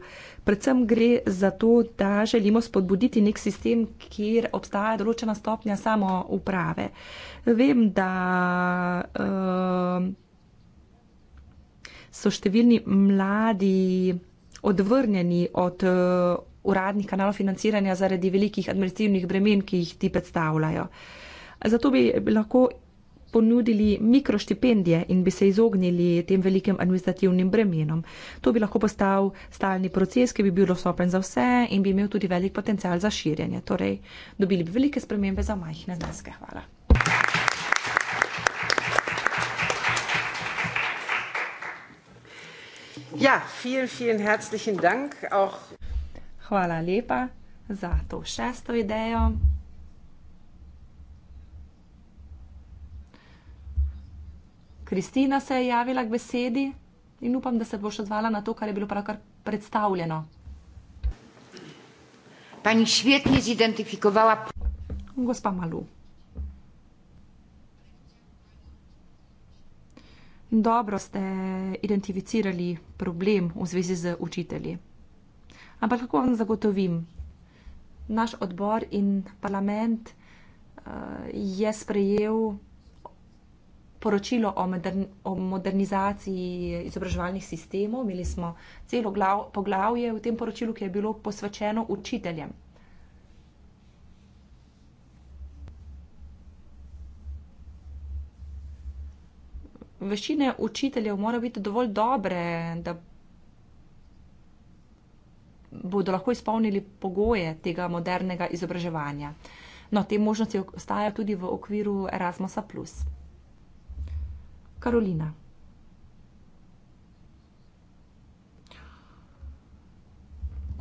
predvsem gre za to, da želimo spodbuditi nek sistem, kjer obstaja določena stopnja samo uprave. Vem, da. Uh, so številni mladi odvrnjeni od eh, uradnih kanalov financiranja zaradi velikih administrativnih bremen, ki jih ti predstavljajo. Zato bi lahko ponudili mikroštipendije in bi se izognili tem velikim administrativnim bremenom. To bi lahko postal stalni proces, ki bi bil dostopen za vse in bi imel tudi velik potencial za širjenje. Torej, dobili bi velike spremembe za majhne zneske. Hvala. Ja, vielen, vielen herzlichen Dank auch. Hvala lepa za to šesto idejo. Kristina se je javila k besedi in upam, da se bo še odzvala na to, kar je bilo pravkar predstavljeno. Pani Švetni je zidentifikovala. Gospa Malu. dobro ste identificirali problem v zvezi z učitelji. Ampak kako vam zagotovim? Naš odbor in parlament uh, je sprejel poročilo o, moder o modernizaciji izobraževalnih sistemov. Imeli smo celo poglavje v tem poročilu, ki je bilo posvečeno učiteljem. veščine učiteljev morajo biti dovolj dobre, da bodo lahko izpolnili pogoje tega modernega izobraževanja. No, te možnosti ostajajo tudi v okviru Erasmusa. Karolina.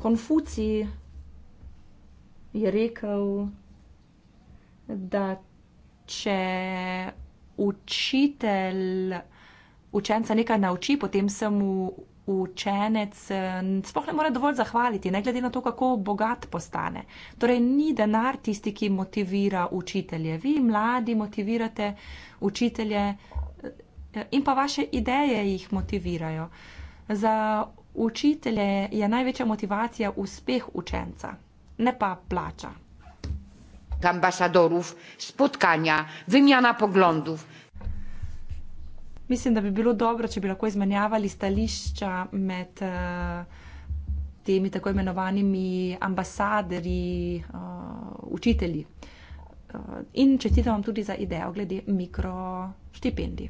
Konfuci je rekel, da če učitelj učenca nekaj nauči, potem se mu učenec eh, sploh ne more dovolj zahvaliti, ne glede na to, kako bogat postane. Torej, ni denar tisti, ki motivira učitelje. Vi, mladi, motivirate učitelje eh, in pa vaše ideje jih motivirajo. Za učitelje je največja motivacija uspeh učenca, ne pa plača ambasadorów, spotkania, wymiana poglądów. Mislim, da bi bilo dobro, če bi lahko izmenjavali stališča med eh, temi tako imenovanimi ambasadri, eh, učitelji. Eh, in čestitam vam tudi za idejo glede mikroštipendij.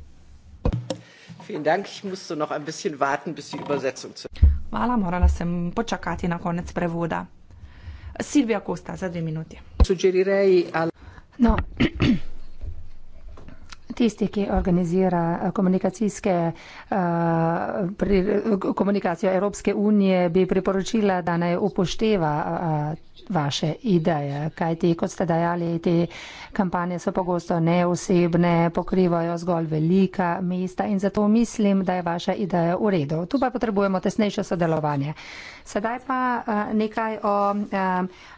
Hvala, morala sem počakati na konec prevoda. Silvija Costa za dve minuti. No. tisti, ki organizira eh, komunikacijske, eh, pri, eh, komunikacijo Evropske unije, bi priporočila, da naj upošteva vaše ideje, kajti, kot ste dajali, te kampanje so pogosto neosebne, pokrivajo zgolj velika mesta in zato mislim, da je vaša ideja v redu. Tu pa potrebujemo tesnejše sodelovanje. Sedaj pa nekaj o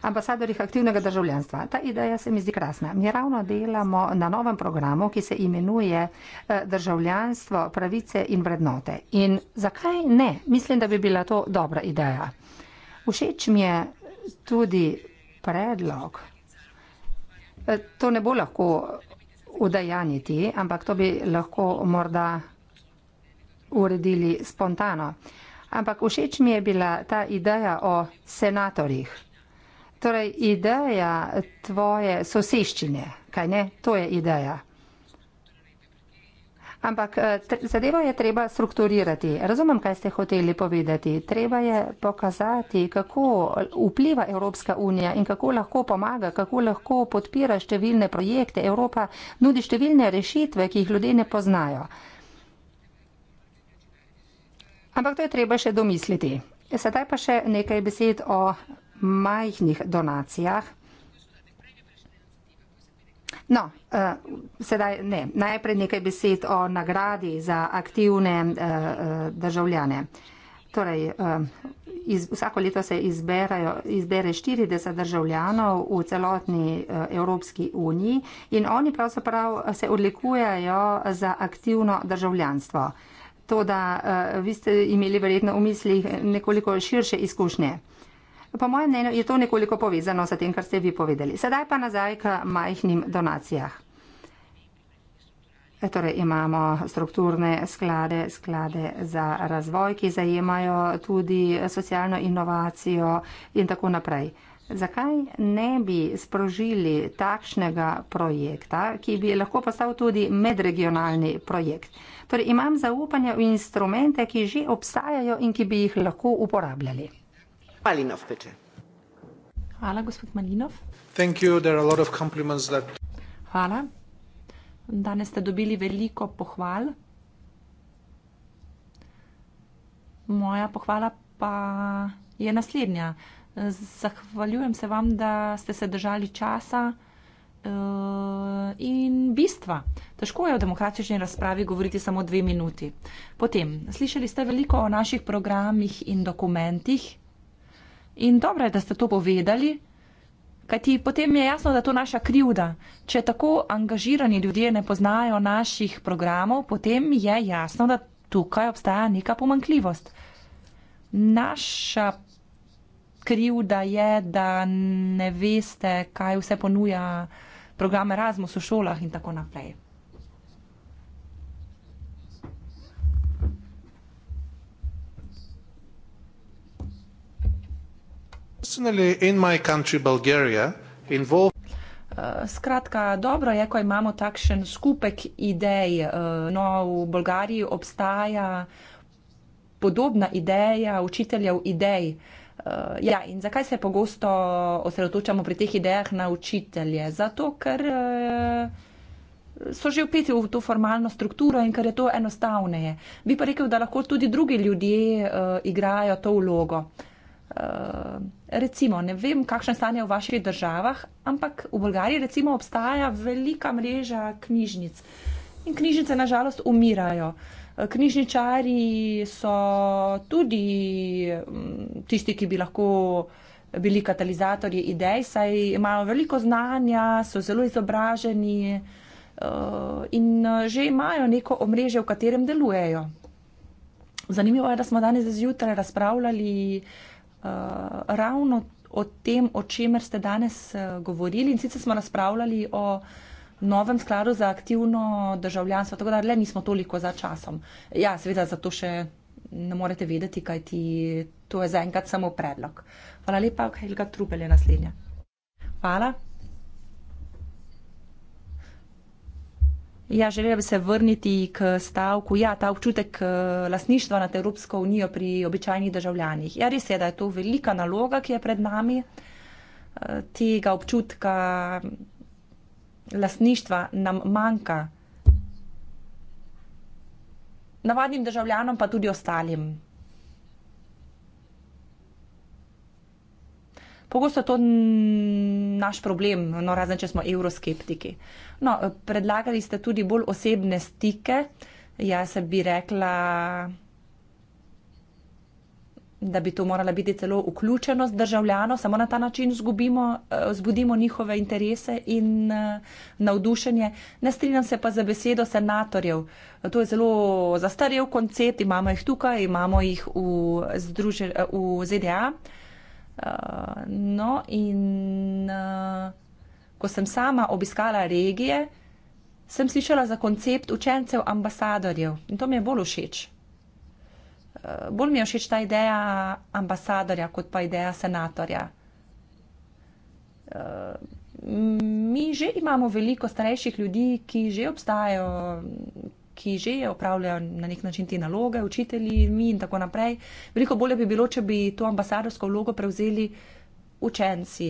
ambasadorjih aktivnega državljanstva. Ta ideja se mi zdi krasna. Mi ravno delamo na novem programu, ki se ima imenuje eh, državljanstvo, pravice in vrednote. In zakaj ne? Mislim, da bi bila to dobra ideja. Všeč mi je tudi predlog. Eh, to ne bo lahko udejanjiti, ampak to bi lahko morda uredili spontano. Ampak všeč mi je bila ta ideja o senatorjih. Torej, ideja tvoje soseščine, kajne? To je ideja. Ampak eh, zadevo je treba strukturirati. Razumem, kaj ste hoteli povedati. Treba je pokazati, kako vpliva Evropska unija in kako lahko pomaga, kako lahko podpira številne projekte. Evropa nudi številne rešitve, ki jih ljudje ne poznajo. Ampak to je treba še domisliti. Sedaj pa še nekaj besed o majhnih donacijah. No, uh, sedaj ne. Najprej nekaj besed o nagradi za aktivne uh, državljane. Torej, uh, iz, vsako leto se izberajo, izbere 40 državljanov v celotni uh, Evropski uniji in oni pravzaprav se odlikujejo za aktivno državljanstvo. To, da uh, vi ste imeli verjetno v mislih nekoliko širše izkušnje. Po mojem mnenju je to nekoliko povezano s tem, kar ste vi povedali. Sedaj pa nazaj k majhnim donacijah. E, torej imamo strukturne sklade, sklade za razvoj, ki zajemajo tudi socialno inovacijo in tako naprej. Zakaj ne bi sprožili takšnega projekta, ki bi lahko postal tudi medregionalni projekt? Torej imam zaupanje v instrumente, ki že obstajajo in ki bi jih lahko uporabljali. Malinov, bitte. Hvala, gospod Malinov. Thank you. There are a lot of compliments that... Hvala. Danes ste dobili veliko pohval. Moja pohvala pa je naslednja. Zahvaljujem se vam, da ste se držali časa eh, in bistva. Težko je v demokratični razpravi govoriti samo dve minuti. Potem, slišali ste veliko o naših programih in dokumentih. In dobro je, da ste to povedali, kajti potem je jasno, da je to naša krivda. Če tako angažirani ljudje ne poznajo naših programov, potem je jasno, da tukaj obstaja neka pomankljivost. Naša krivda je, da ne veste, kaj vse ponuja program Erasmus v šolah in tako naprej. Eh, skratka, dobro je, ko imamo takšen skupek idej. Eh, no, v Bolgariji obstaja podobna ideja učiteljev idej. Eh, ja, in zakaj se pogosto osredotočamo pri teh idejah na učitelje? Zato, ker so že vpeti v to formalno strukturo in ker je to enostavneje. Bi pa rekel, da lahko tudi drugi ljudje igrajo to vlogo. Eh, recimo, ne vem, kakšno stanje v vaših državah, ampak v Bolgariji recimo obstaja velika mreža knjižnic in knjižnice nažalost umirajo. Eh, Knjižničari so tudi mm, tisti, ki bi lahko bili katalizatorji idej, saj imajo veliko znanja, so zelo izobraženi eh, in že imajo neko omrežje, v katerem delujejo. Zanimivo je, da smo danes zjutraj razpravljali uh, Eh, ravno o tem, o čemer ste danes eh, govorili. In sicer smo razpravljali o novem skladu za aktivno državljanstvo, tako da le nismo toliko za časom. Ja, seveda, zato še ne morete vedeti, kaj ti to je zaenkrat samo predlog. Hvala lepa, Helga Trupel je naslednja. Hvala. Ja, želela bi se vrniti k stavku. Ja, ta občutek eh, lasništva nad Evropsko unijo pri običajnih državljanih. Ja, res je, da je to velika naloga, ki je pred nami. Eh, tega občutka lasništva nam manjka. Navadnim državljanom pa tudi ostalim. Pogosto je to naš problem, no, razen če smo euroskeptiki. No, predlagali ste tudi bolj osebne stike. Jaz bi rekla, da bi to morala biti celo vključenost državljanov, samo na ta način zgubimo, eh, zbudimo njihove interese in eh, navdušenje. Ne strinjam se pa za besedo senatorjev. To je zelo zastarjev koncept, imamo jih tukaj, imamo jih v, združen, eh, v ZDA no, in uh, ko sem sama obiskala regije, sem slišala za koncept učencev ambasadorjev in to mi je bolj všeč. Eh, bolj mi je všeč ta ideja ambasadorja, kot pa ideja senatorja. Eh, mi že imamo veliko starejših ljudi, ki že obstajajo, ki že opravljajo na nek način te naloge, učitelji, mi in tako naprej. Veliko bolje bi bilo, če bi to ambasadorsko vlogo prevzeli učenci.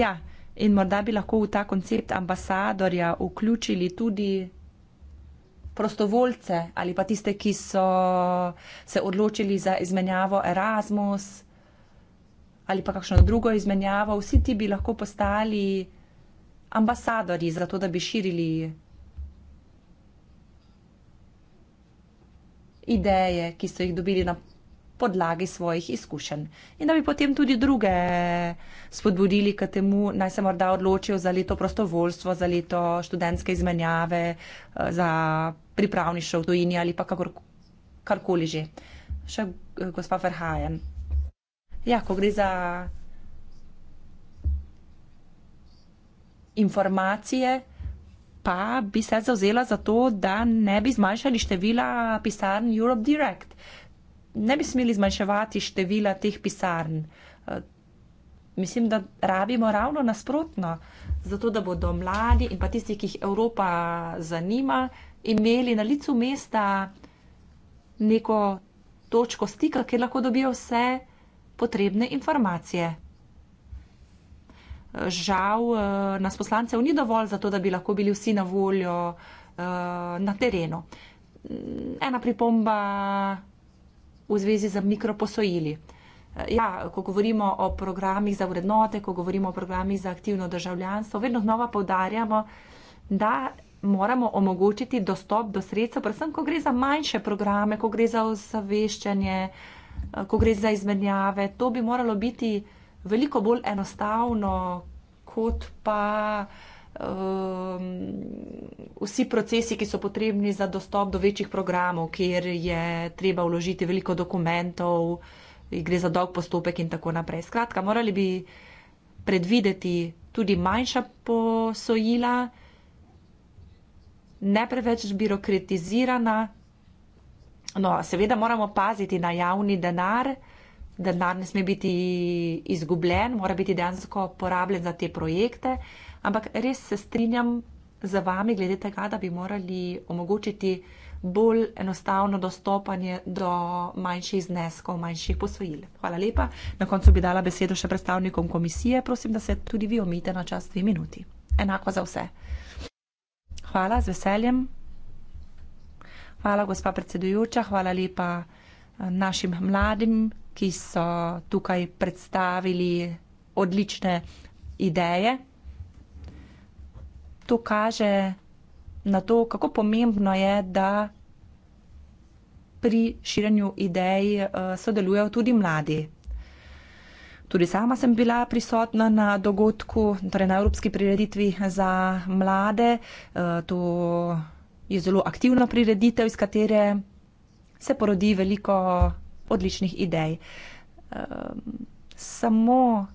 Ja, in morda bi lahko v ta koncept ambasadorja vključili tudi prostovoljce ali pa tiste, ki so se odločili za izmenjavo Erasmus ali pa kakšno drugo izmenjavo. Vsi ti bi lahko postali ambasadori za to, da bi širili ideje, ki so jih dobili na podlagi svojih izkušenj. In da bi potem tudi druge spodbudili k temu, naj se morda odločijo za leto prostovoljstvo, za leto študentske izmenjave, eh, za pripravništvo v tujini ali pa kakor, karkoli že. Še eh, gospa Ferhajen. Ja, ko gre za informacije, pa bi se zauzela za to, da ne bi zmanjšali števila pisarn Europe Direct. Ne bi smeli zmanjševati števila teh pisarn. Eh, mislim, da rabimo ravno nasprotno, zato da bodo mladi in pa tisti, ki jih Evropa zanima, imeli na licu mesta neko točko stika, kjer lahko dobijo vse potrebne informacije žal eh, nas poslancev ni dovolj za to, da bi lahko bili vsi na voljo eh, na terenu. Ena pripomba v zvezi z mikroposojili. Eh, ja, ko govorimo o programih za vrednote, ko govorimo o programih za aktivno državljanstvo, vedno znova povdarjamo, da moramo omogočiti dostop do sredstev, predvsem, ko gre za manjše programe, ko gre za osveščanje, ko gre za izmenjave. To bi moralo biti veliko bolj enostavno, kot pa um, vsi procesi, ki so potrebni za dostop do večjih programov, kjer je treba vložiti veliko dokumentov, gre za dolg postopek in tako naprej. Skratka, morali bi predvideti tudi manjša posojila, ne preveč birokratizirana. No, seveda moramo paziti na javni denar denar ne sme biti izgubljen, mora biti dejansko porabljen za te projekte, ampak res se strinjam za vami glede tega, da bi morali omogočiti bolj enostavno dostopanje do manjših zneskov, manjših posojil. Hvala lepa. Na koncu bi dala besedo še predstavnikom komisije. Prosim, da se tudi vi omite na čas dve minuti. Enako za vse. Hvala, z veseljem. Hvala, gospa predsedujoča. Hvala lepa našim mladim, ki so tukaj predstavili odlične ideje. To kaže na to, kako pomembno je, da pri širjenju idej eh, sodelujejo tudi mladi. Tudi sama sem bila prisotna na dogodku, torej na evropski prireditvi za mlade. Eh, to je zelo aktivna prireditev, iz katere se porodi veliko odličnih idej. Ehm, samo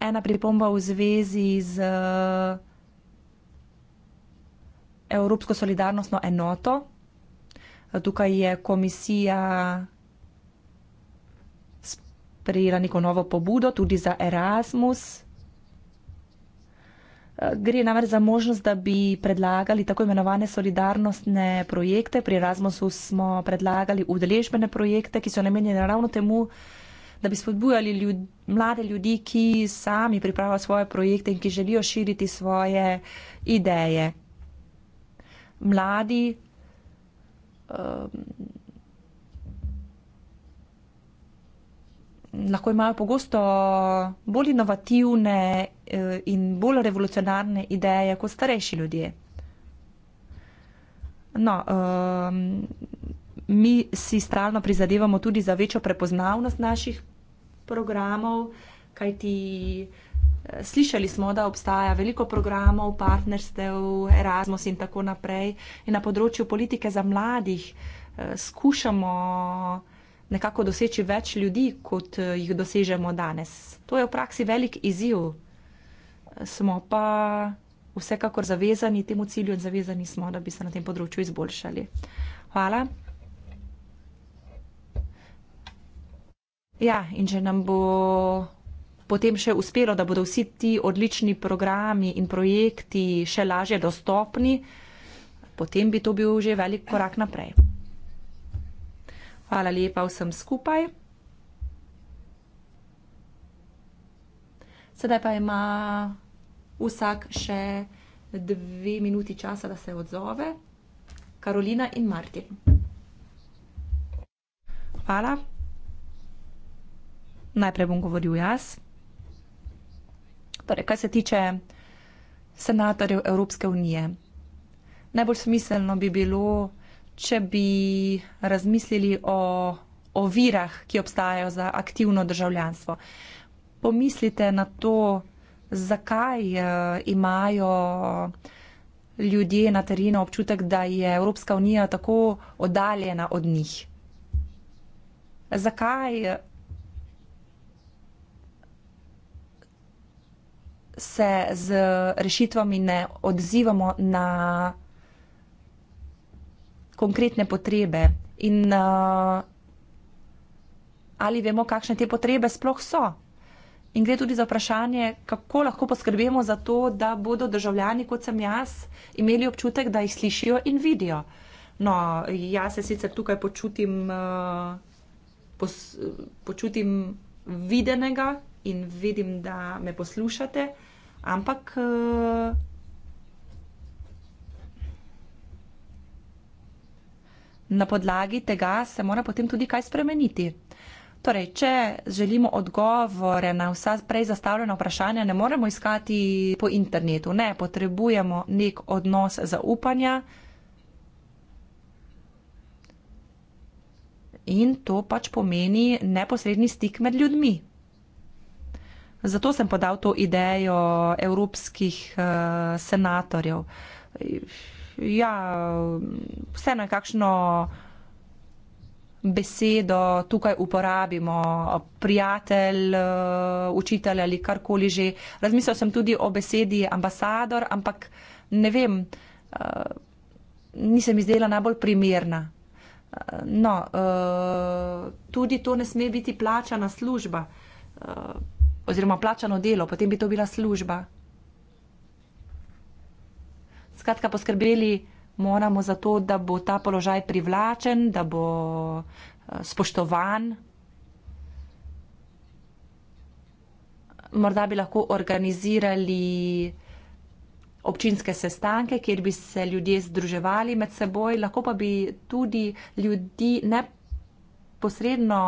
ena pripomba v zvezi z eh, Evropsko solidarnostno enoto. Tukaj je komisija sprejela neko novo pobudo tudi za Erasmus, Gre namreč za možnost, da bi predlagali tako imenovane solidarnostne projekte. Pri Erasmusu smo predlagali udeležbene projekte, ki so namenjene ravno temu, da bi spodbujali ljud, mlade ljudi, ki sami pripravljajo svoje projekte in ki želijo širiti svoje ideje. Mladi. Um, lahko imajo pogosto bolj inovativne eh, in bolj revolucionarne ideje kot starejši ljudje. No, um, mi si stalno prizadevamo tudi za večjo prepoznavnost naših programov, kajti eh, slišali smo, da obstaja veliko programov, partnerstev, Erasmus in tako naprej. In na področju politike za mladih uh, skušamo nekako doseči več ljudi, kot eh, jih dosežemo danes. To je v praksi velik izziv. Smo pa vsekakor zavezani temu cilju in zavezani smo, da bi se na tem področju izboljšali. Hvala. Ja, in če nam bo potem še uspelo, da bodo vsi ti odlični programi in projekti še lažje dostopni, potem bi to bil že velik korak naprej. Hvala lepa vsem skupaj. Sedaj pa ima vsak še dve minuti časa, da se odzove. Karolina in Martin. Hvala. Najprej bom govoril jaz. Torej, kaj se tiče senatorjev Evropske unije. Najbolj smiselno bi bilo če bi razmislili o ovirah, ki obstajajo za aktivno državljanstvo. Pomislite na to, zakaj eh, imajo ljudje na terenu občutek, da je Evropska unija tako oddaljena od njih. Zakaj eh, se z rešitvami ne odzivamo na konkretne potrebe in uh, ali vemo, kakšne te potrebe sploh so. In gre tudi za vprašanje, kako lahko poskrbimo za to, da bodo državljani, kot sem jaz, imeli občutek, da jih slišijo in vidijo. No, jaz se sicer tukaj počutim, uh, pos, počutim videnega in vidim, da me poslušate, ampak. Uh, na podlagi tega se mora potem tudi kaj spremeniti. Torej, če želimo odgovore na vsa prej zastavljena vprašanja, ne moremo iskati po internetu, ne, potrebujemo nek odnos zaupanja in to pač pomeni neposredni stik med ljudmi. Zato sem podal to idejo evropskih uh, senatorjev ja, vseeno je kakšno besedo tukaj uporabimo, prijatelj, eh, učitelj ali karkoli že. Razmislil sem tudi o besedi ambasador, ampak ne vem, eh, nisem izdela najbolj primerna. Eh, no, tudi to ne sme biti plačana služba oziroma plačano delo, potem bi to bila služba. Skratka, poskrbeli moramo za to, da bo ta položaj privlačen, da bo eh, spoštovan. Morda bi lahko organizirali občinske sestanke, kjer bi se ljudje združevali med seboj, lahko pa bi tudi ljudi neposredno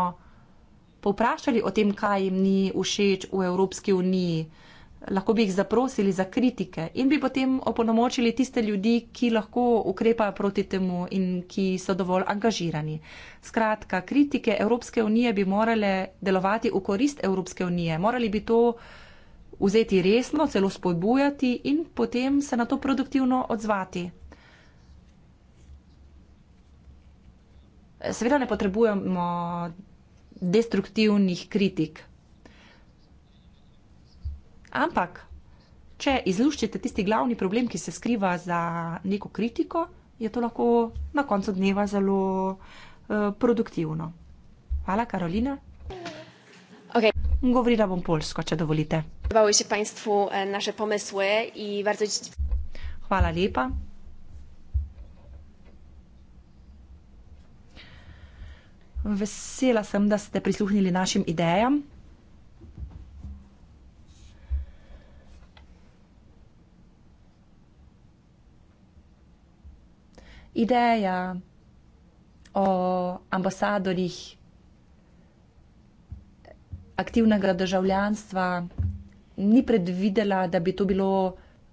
povprašali o tem, kaj jim ni všeč v Evropski uniji. Uh, lahko bi jih zaprosili za kritike in bi potem opolnomočili tiste ljudi, ki lahko ukrepajo proti temu in ki so dovolj angažirani. Skratka, kritike Evropske unije bi morale delovati v korist Evropske unije, morali bi to vzeti resno, celo spodbujati in potem se na to produktivno odzvati. Seveda ne potrebujemo destruktivnih kritik. Ampak, če izluščite tisti glavni problem, ki se skriva za neko kritiko, je to lahko na koncu dneva zelo uh, produktivno. Hvala, Karolina. Okay. Govorila bom polsko, če dovolite. E, Hvala lepa. Vesela sem, da ste prisluhnili našim idejam. ideja o ambasadorjih aktivnega državljanstva ni predvidela, da bi to bilo.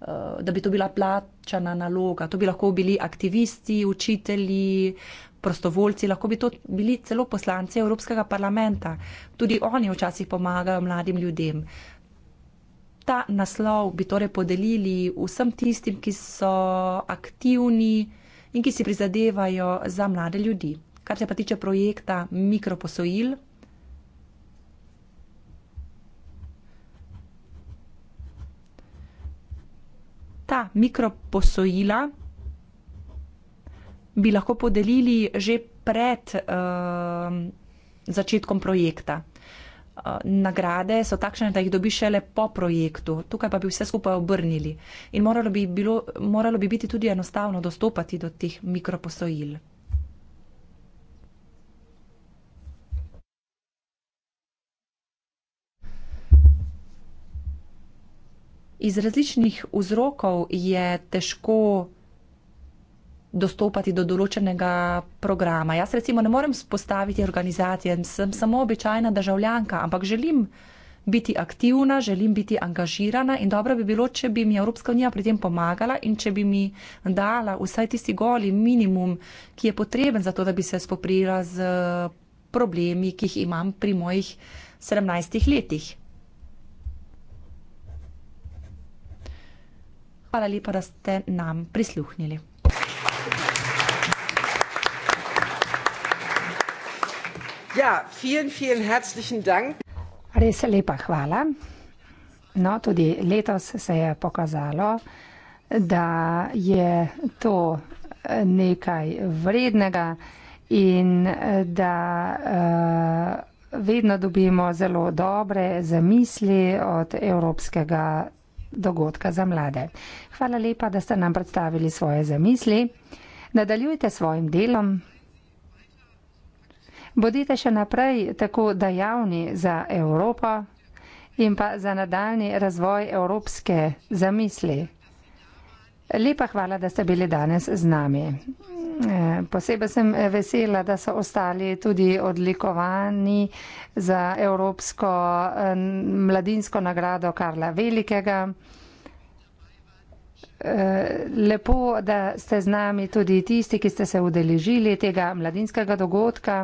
Eh, da bi to bila plačana naloga. To bi lahko bili aktivisti, učitelji, prostovoljci, lahko bi to bili celo poslanci Evropskega parlamenta. Tudi oni včasih pomagajo mladim ljudem. Ta naslov bi torej podelili vsem tistim, ki so aktivni in ki si prizadevajo za mlade ljudi. Kar se pa tiče projekta mikroposojil. Ta mikroposojila bi lahko podelili že pred uh, začetkom projekta. Uh, nagrade so takšne, da jih dobiš šele po projektu. Tukaj pa bi vse skupaj obrnili. In moralo bi, bilo, moralo bi biti tudi enostavno dostopati do teh mikroposojil. Iz različnih vzrokov je težko dostopati do določenega programa. Jaz recimo ne morem spostaviti organizacije, sem samo običajna državljanka, ampak želim biti aktivna, želim biti angažirana in dobro bi bilo, če bi mi Evropska unija pri tem pomagala in če bi mi dala vsaj tisti goli minimum, ki je potreben za to, da bi se spoprila z problemi, ki jih imam pri mojih 17 letih. Hvala lepa, da ste nam prisluhnili. Ja, vielen, vielen herzlichen Dank. Res lepa hvala. No, tudi letos se je pokazalo, da je to nekaj vrednega in da uh, vedno dobimo zelo dobre zamisli od evropskega dogodka za mlade. Hvala lepa, da ste nam predstavili svoje zamisli. Nadaljujte s svojim delom. Bodite še naprej tako dejavni za Evropo in pa za nadaljni razvoj evropske zamisli. Lepa hvala, da ste bili danes z nami. Eh, posebej sem vesela, da so ostali tudi odlikovani za Evropsko eh, mladinsko nagrado Karla Velikega. Eh, lepo, da ste z nami tudi tisti, ki ste se udeležili tega mladinskega dogodka.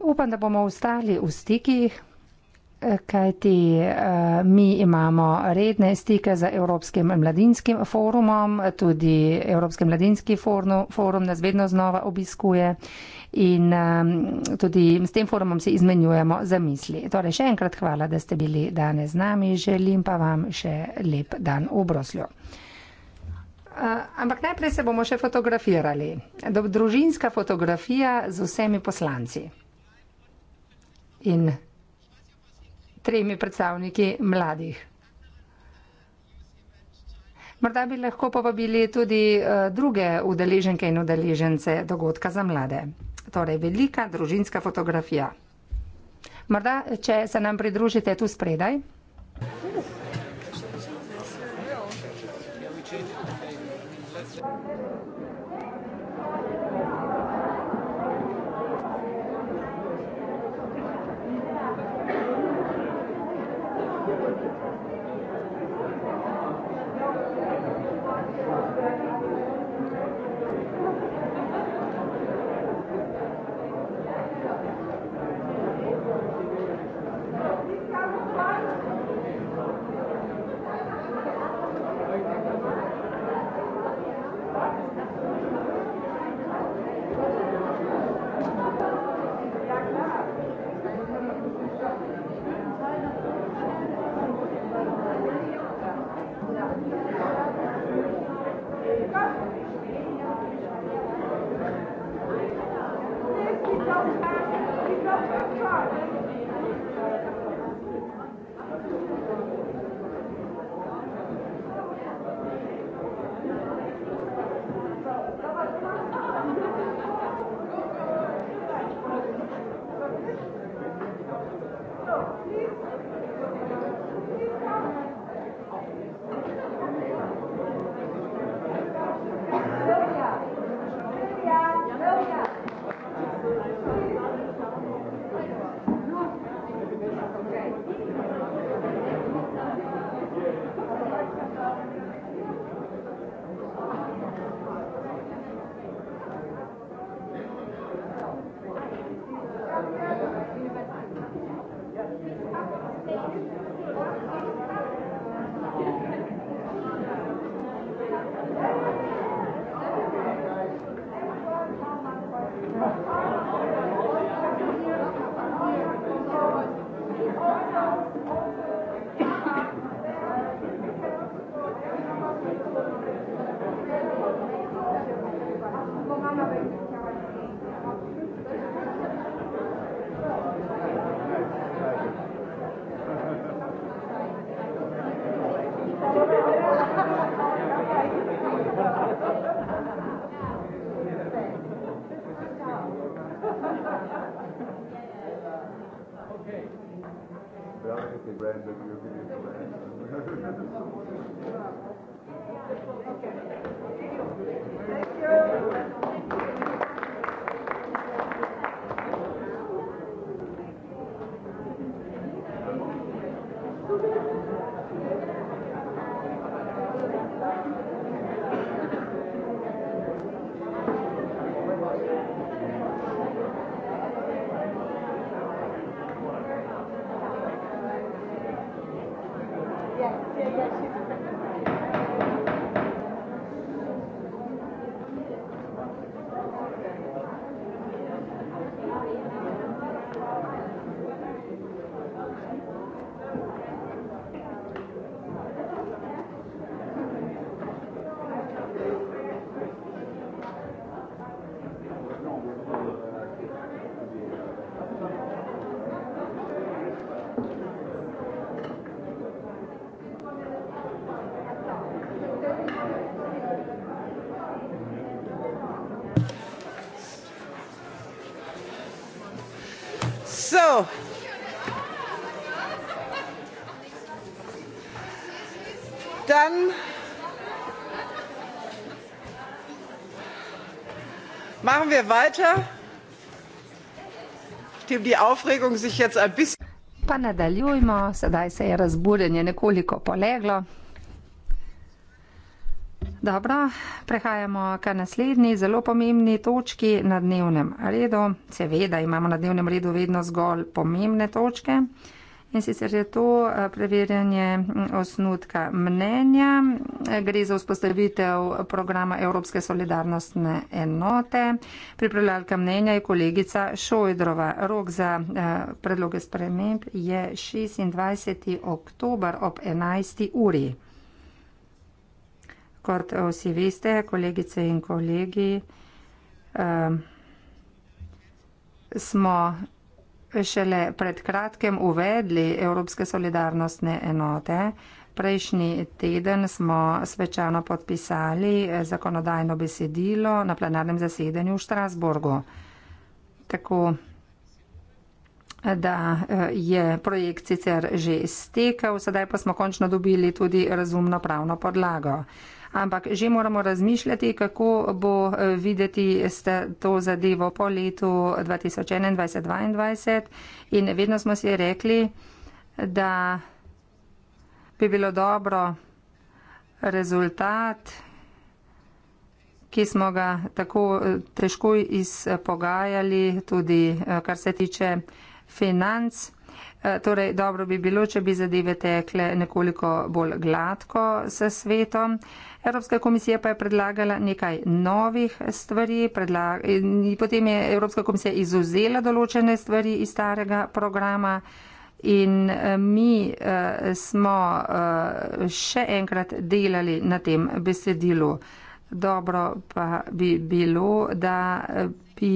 Upam, da bomo ostali v stikih, eh, kajti eh, mi imamo redne stike z Evropskim mladinskim forumom, tudi Evropski mladinski forum nas vedno znova obiskuje in eh, tudi s tem forumom se izmenjujemo za misli. Torej, še enkrat hvala, da ste bili danes z nami, želim pa vam še lep dan v Broslju. Ampak najprej se bomo še fotografirali. Družinska fotografija z vsemi poslanci in tremi predstavniki mladih. Morda bi lahko povabili tudi eh, druge udeleženke in udeležence dogodka za mlade. Torej, velika družinska fotografija. Morda, če se nam pridružite tu spredaj. Thank you. prav. Dan. Machen wir weiter. Dem die Aufregung sich jetzt ein bisschen. Pa nadaljujmo, sedaj se je razburjenje nekoliko poleglo. Dobro, prehajamo k naslednji zelo pomembni točki na dnevnem redu. Seveda imamo na dnevnem redu vedno zgolj pomembne točke. In sicer je to eh, preverjanje mm, osnutka mnenja. Gre za vzpostavitev programa Evropske solidarnostne enote. Pripravljalka mnenja je kolegica Šojdrova. Rok za eh, predloge sprememb je 26. oktober ob 11. uri kot vsi veste, kolegice in kolegi, eh, smo šele pred kratkem uvedli Evropske solidarnostne enote. Prejšnji teden smo svečano podpisali zakonodajno besedilo na plenarnem zasedanju v Štrasburgu. Tako da eh, je projekt sicer že iztekel, sedaj pa smo končno dobili tudi razumno pravno podlago ampak že moramo razmišljati, kako bo eh, videti to zadevo po letu 2021-2022. In vedno smo si rekli, da bi bilo dobro rezultat, ki smo ga tako eh, težko izpogajali, tudi eh, kar se tiče financ. Torej, dobro bi bilo, če bi zadeve tekle nekoliko bolj gladko s svetom. Evropska komisija pa je predlagala nekaj novih stvari, predlag, potem je Evropska komisija izuzela določene stvari iz starega programa. In eh, mi uh, smo uh, še enkrat delali na tem besedilu. Dobro pa bi bilo, da bi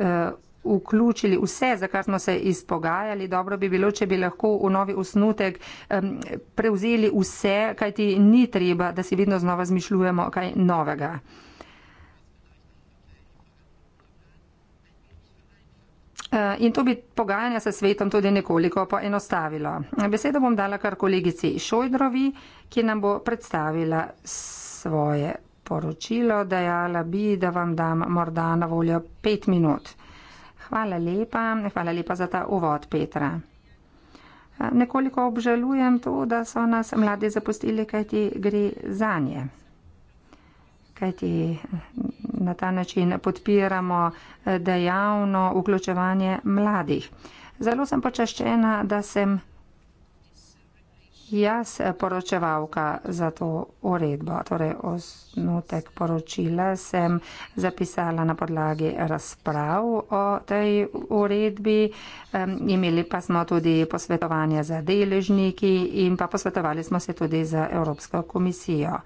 uh, vključili vse, za kar smo se izpogajali. Dobro bi bilo, če bi lahko v novi osnutek um, prevzeli vse, kaj ti ni treba, da si vedno znova zmišljujemo kaj novega. E, in to bi pogajanja s svetom tudi nekoliko poenostavilo. Besedo bom dala kar kolegici Šojdrovi, ki nam bo predstavila svoje poročilo. Dajala bi, da vam dam morda na voljo pet minut. Hvala lepa, hvala lepa za ta uvod, Petra. Nekoliko obžalujem to, da so nas mladi zapustili, kaj ti gre za nje. Kaj ti na ta način podpiramo eh, dejavno vključevanje mladih. Zelo sem počaščena, da sem jaz eh, poročevalka za to uredbo, torej osnutek poročila sem zapisala na podlagi razprav o tej uredbi. Um, imeli pa smo tudi posvetovanje za deležniki in pa posvetovali smo se tudi za Evropsko komisijo.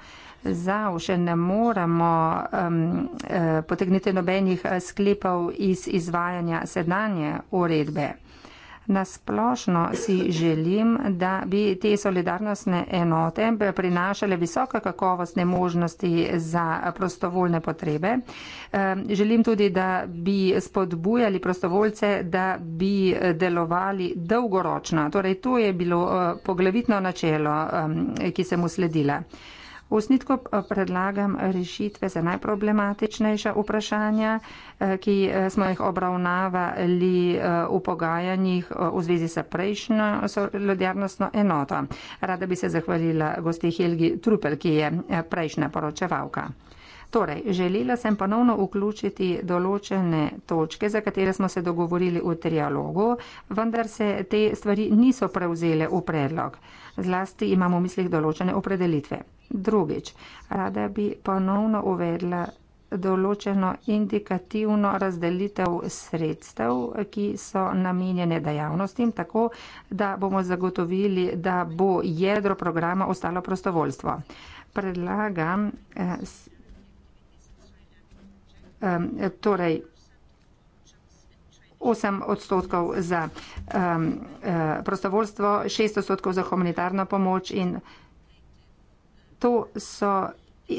Zau še ne moremo um, potegniti nobenih eh, sklepov iz izvajanja sedanje uredbe. Nasplošno si želim, da bi te solidarnostne enote prinašale visoke kakovostne možnosti za prostovoljne potrebe. Želim tudi, da bi spodbujali prostovoljce, da bi delovali dolgoročno. Torej, to je bilo eh, poglavitno načelo, ki sem usledila. V osnitku eh, predlagam rešitve za najproblematičnejša vprašanja, eh, ki eh, smo jih obravnavali v pogajanjih v zvezi s prejšnjo solidarnostno enoto. Rada bi se zahvalila gosti Helgi Trupel, ki je prejšnja poročevalka. Torej, želela sem ponovno vključiti določene točke, za katere smo se dogovorili v trialogu, vendar se te stvari niso prevzele v predlog zlasti imamo v mislih določene opredelitve. Drugič, rada bi ponovno uvedla določeno indikativno razdelitev sredstev, ki so namenjene dejavnostim, tako da bomo zagotovili, da bo jedro programa ostalo prostovoljstvo. Predlagam, eh, torej, 8 odstotkov za um, uh, prostovoljstvo, 6 odstotkov za humanitarno pomoč in to, so,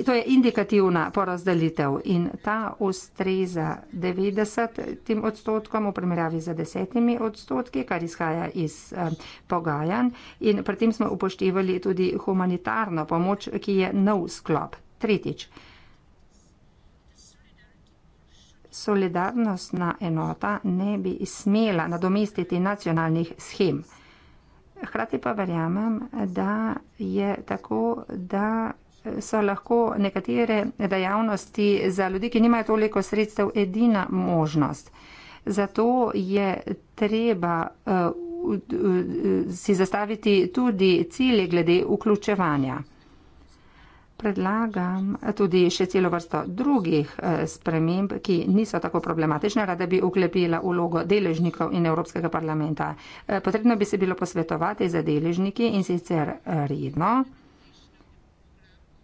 to je indikativna porazdelitev in ta ustreza 90 odstotkom v primerjavi z 10 odstotki, kar izhaja iz uh, pogajanj in pri tem smo upoštevali tudi humanitarno pomoč, ki je nov sklop. Tretjič. solidarnostna enota ne bi smela nadomestiti nacionalnih schem. Hrati pa verjamem, da je tako, da so lahko nekatere dejavnosti za ljudi, ki nimajo toliko sredstev, edina možnost. Zato je treba uh, uh, uh, si zastaviti tudi cilje glede vključevanja predlagam tudi še celo vrsto drugih eh, sprememb, ki niso tako problematične, rada bi uklepila ulogo deležnikov in Evropskega parlamenta. Eh, potrebno bi se bilo posvetovati za deležniki in sicer eh, redno.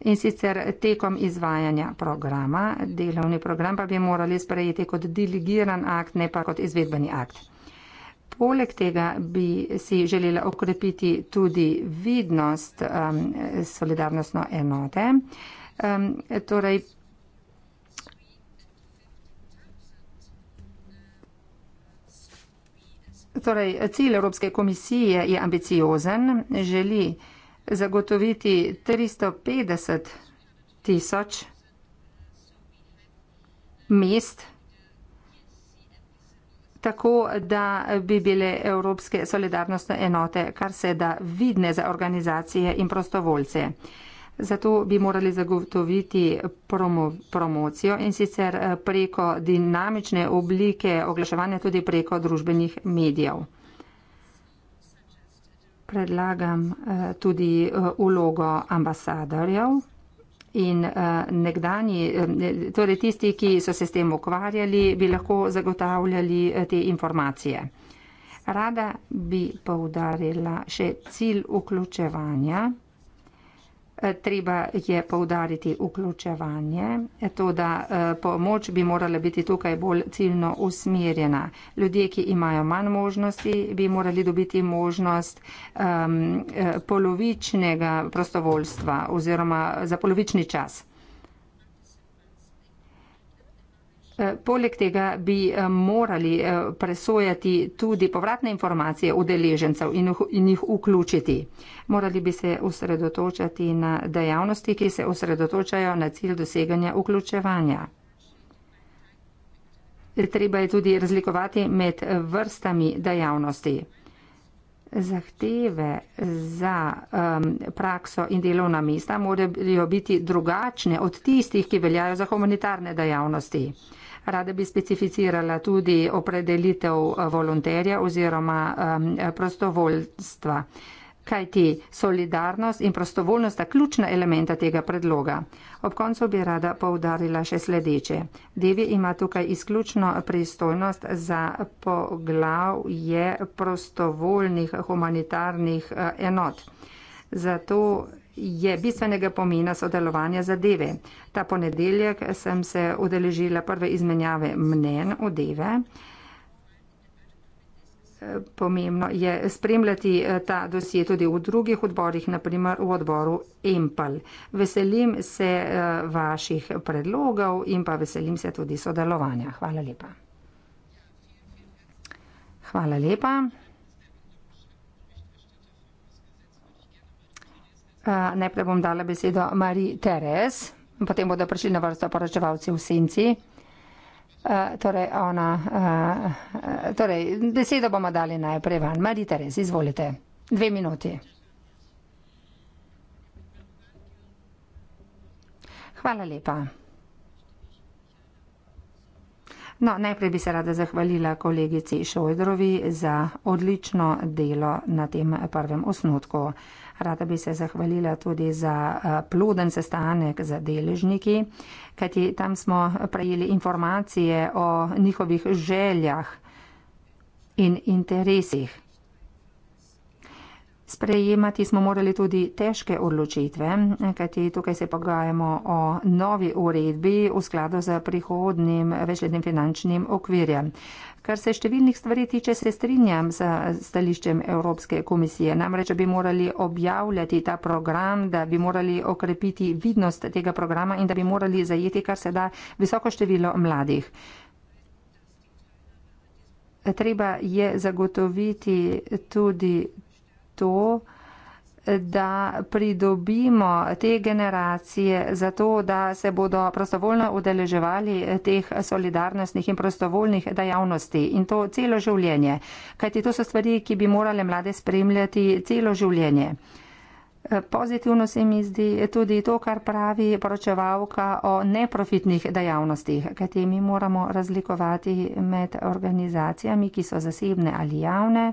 In sicer tekom izvajanja programa, delovni program pa bi morali sprejeti kot delegiran akt, ne pa kot izvedbeni akt. Poleg tega bi si želela okrepiti tudi vidnost um, solidarnostno enote. Um, torej, torej, cilj Evropske komisije je ambiciozen, želi zagotoviti 350 tisoč mest tako da bi bile evropske solidarnostne enote kar se da vidne za organizacije in prostovoljce. Zato bi morali zagotoviti promo, promocijo in sicer eh, preko dinamične oblike oglaševanja tudi preko družbenih medijev. Predlagam eh, tudi ulogo eh, ambasadorjev in uh, eh, nekdani, eh, torej tisti, ki so se s tem ukvarjali, bi lahko zagotavljali eh, te informacije. Rada bi poudarila še cilj vključevanja treba je povdariti vključevanje, to da eh, pomoč bi morala biti tukaj bolj ciljno usmerjena. Ljudje, ki imajo manj možnosti, bi morali dobiti možnost um, polovičnega prostovoljstva oziroma za polovični čas. Eh, poleg tega bi eh, morali eh, presojati tudi povratne informacije udeležencev in jih vključiti. Morali bi se osredotočati na dejavnosti, ki se osredotočajo na cilj doseganja vključevanja. Treba je tudi razlikovati med vrstami dejavnosti. Zahteve za um, prakso in delovna mesta morajo biti drugačne od tistih, ki veljajo za humanitarne dejavnosti. Rada bi specificirala tudi opredelitev eh, volonterja oziroma um, prostovoljstva. Kaj ti solidarnost in prostovoljnost sta ključna elementa tega predloga? Ob koncu bi rada poudarila še sledeče. Devi ima tukaj izključno pristojnost za poglavje prostovoljnih humanitarnih eh, enot. Zato je bistvenega pomena sodelovanja zadeve. Ta ponedeljek sem se udeležila prve izmenjave mnen o deve. Pomembno je spremljati eh, ta dosje tudi v drugih odborih, naprimer v odboru EMPL. Veselim se eh, vaših predlogov in pa veselim se tudi sodelovanja. Hvala lepa. Hvala lepa. Najprej bom dala besedo Mariji Teres, potem bodo prišli na vrsto poročevalci v Sinci. Torej, ona, torej, besedo bomo dali najprej van. Mariji Teres, izvolite. Dve minuti. Hvala lepa. No, najprej bi se rada zahvalila kolegici Šojdrovi za odlično delo na tem prvem osnutku. Uh, Rada bi se zahvalila tudi za eh, ploden sestanek z deležniki, kajti tam smo prejeli informacije o njihovih željah in interesih. Sprejemati smo morali tudi težke odločitve, kajti tukaj se pogajamo o novi uredbi v skladu z prihodnim večletnim finančnim okvirjem. Kar se številnih stvari tiče, se strinjam z stališčem Evropske komisije. Namreč, da bi morali objavljati ta program, da bi morali okrepiti vidnost tega programa in da bi morali zajeti kar se da visoko število mladih. Treba je zagotoviti tudi to, da pridobimo te generacije za to, da se bodo prostovoljno udeleževali teh solidarnostnih in prostovoljnih dejavnosti in to celo življenje. Kajti to so stvari, ki bi morale mlade spremljati celo življenje. Pozitivno se mi zdi tudi to, kar pravi poročevalka o neprofitnih dejavnostih, kajti mi moramo razlikovati med organizacijami, ki so zasebne ali javne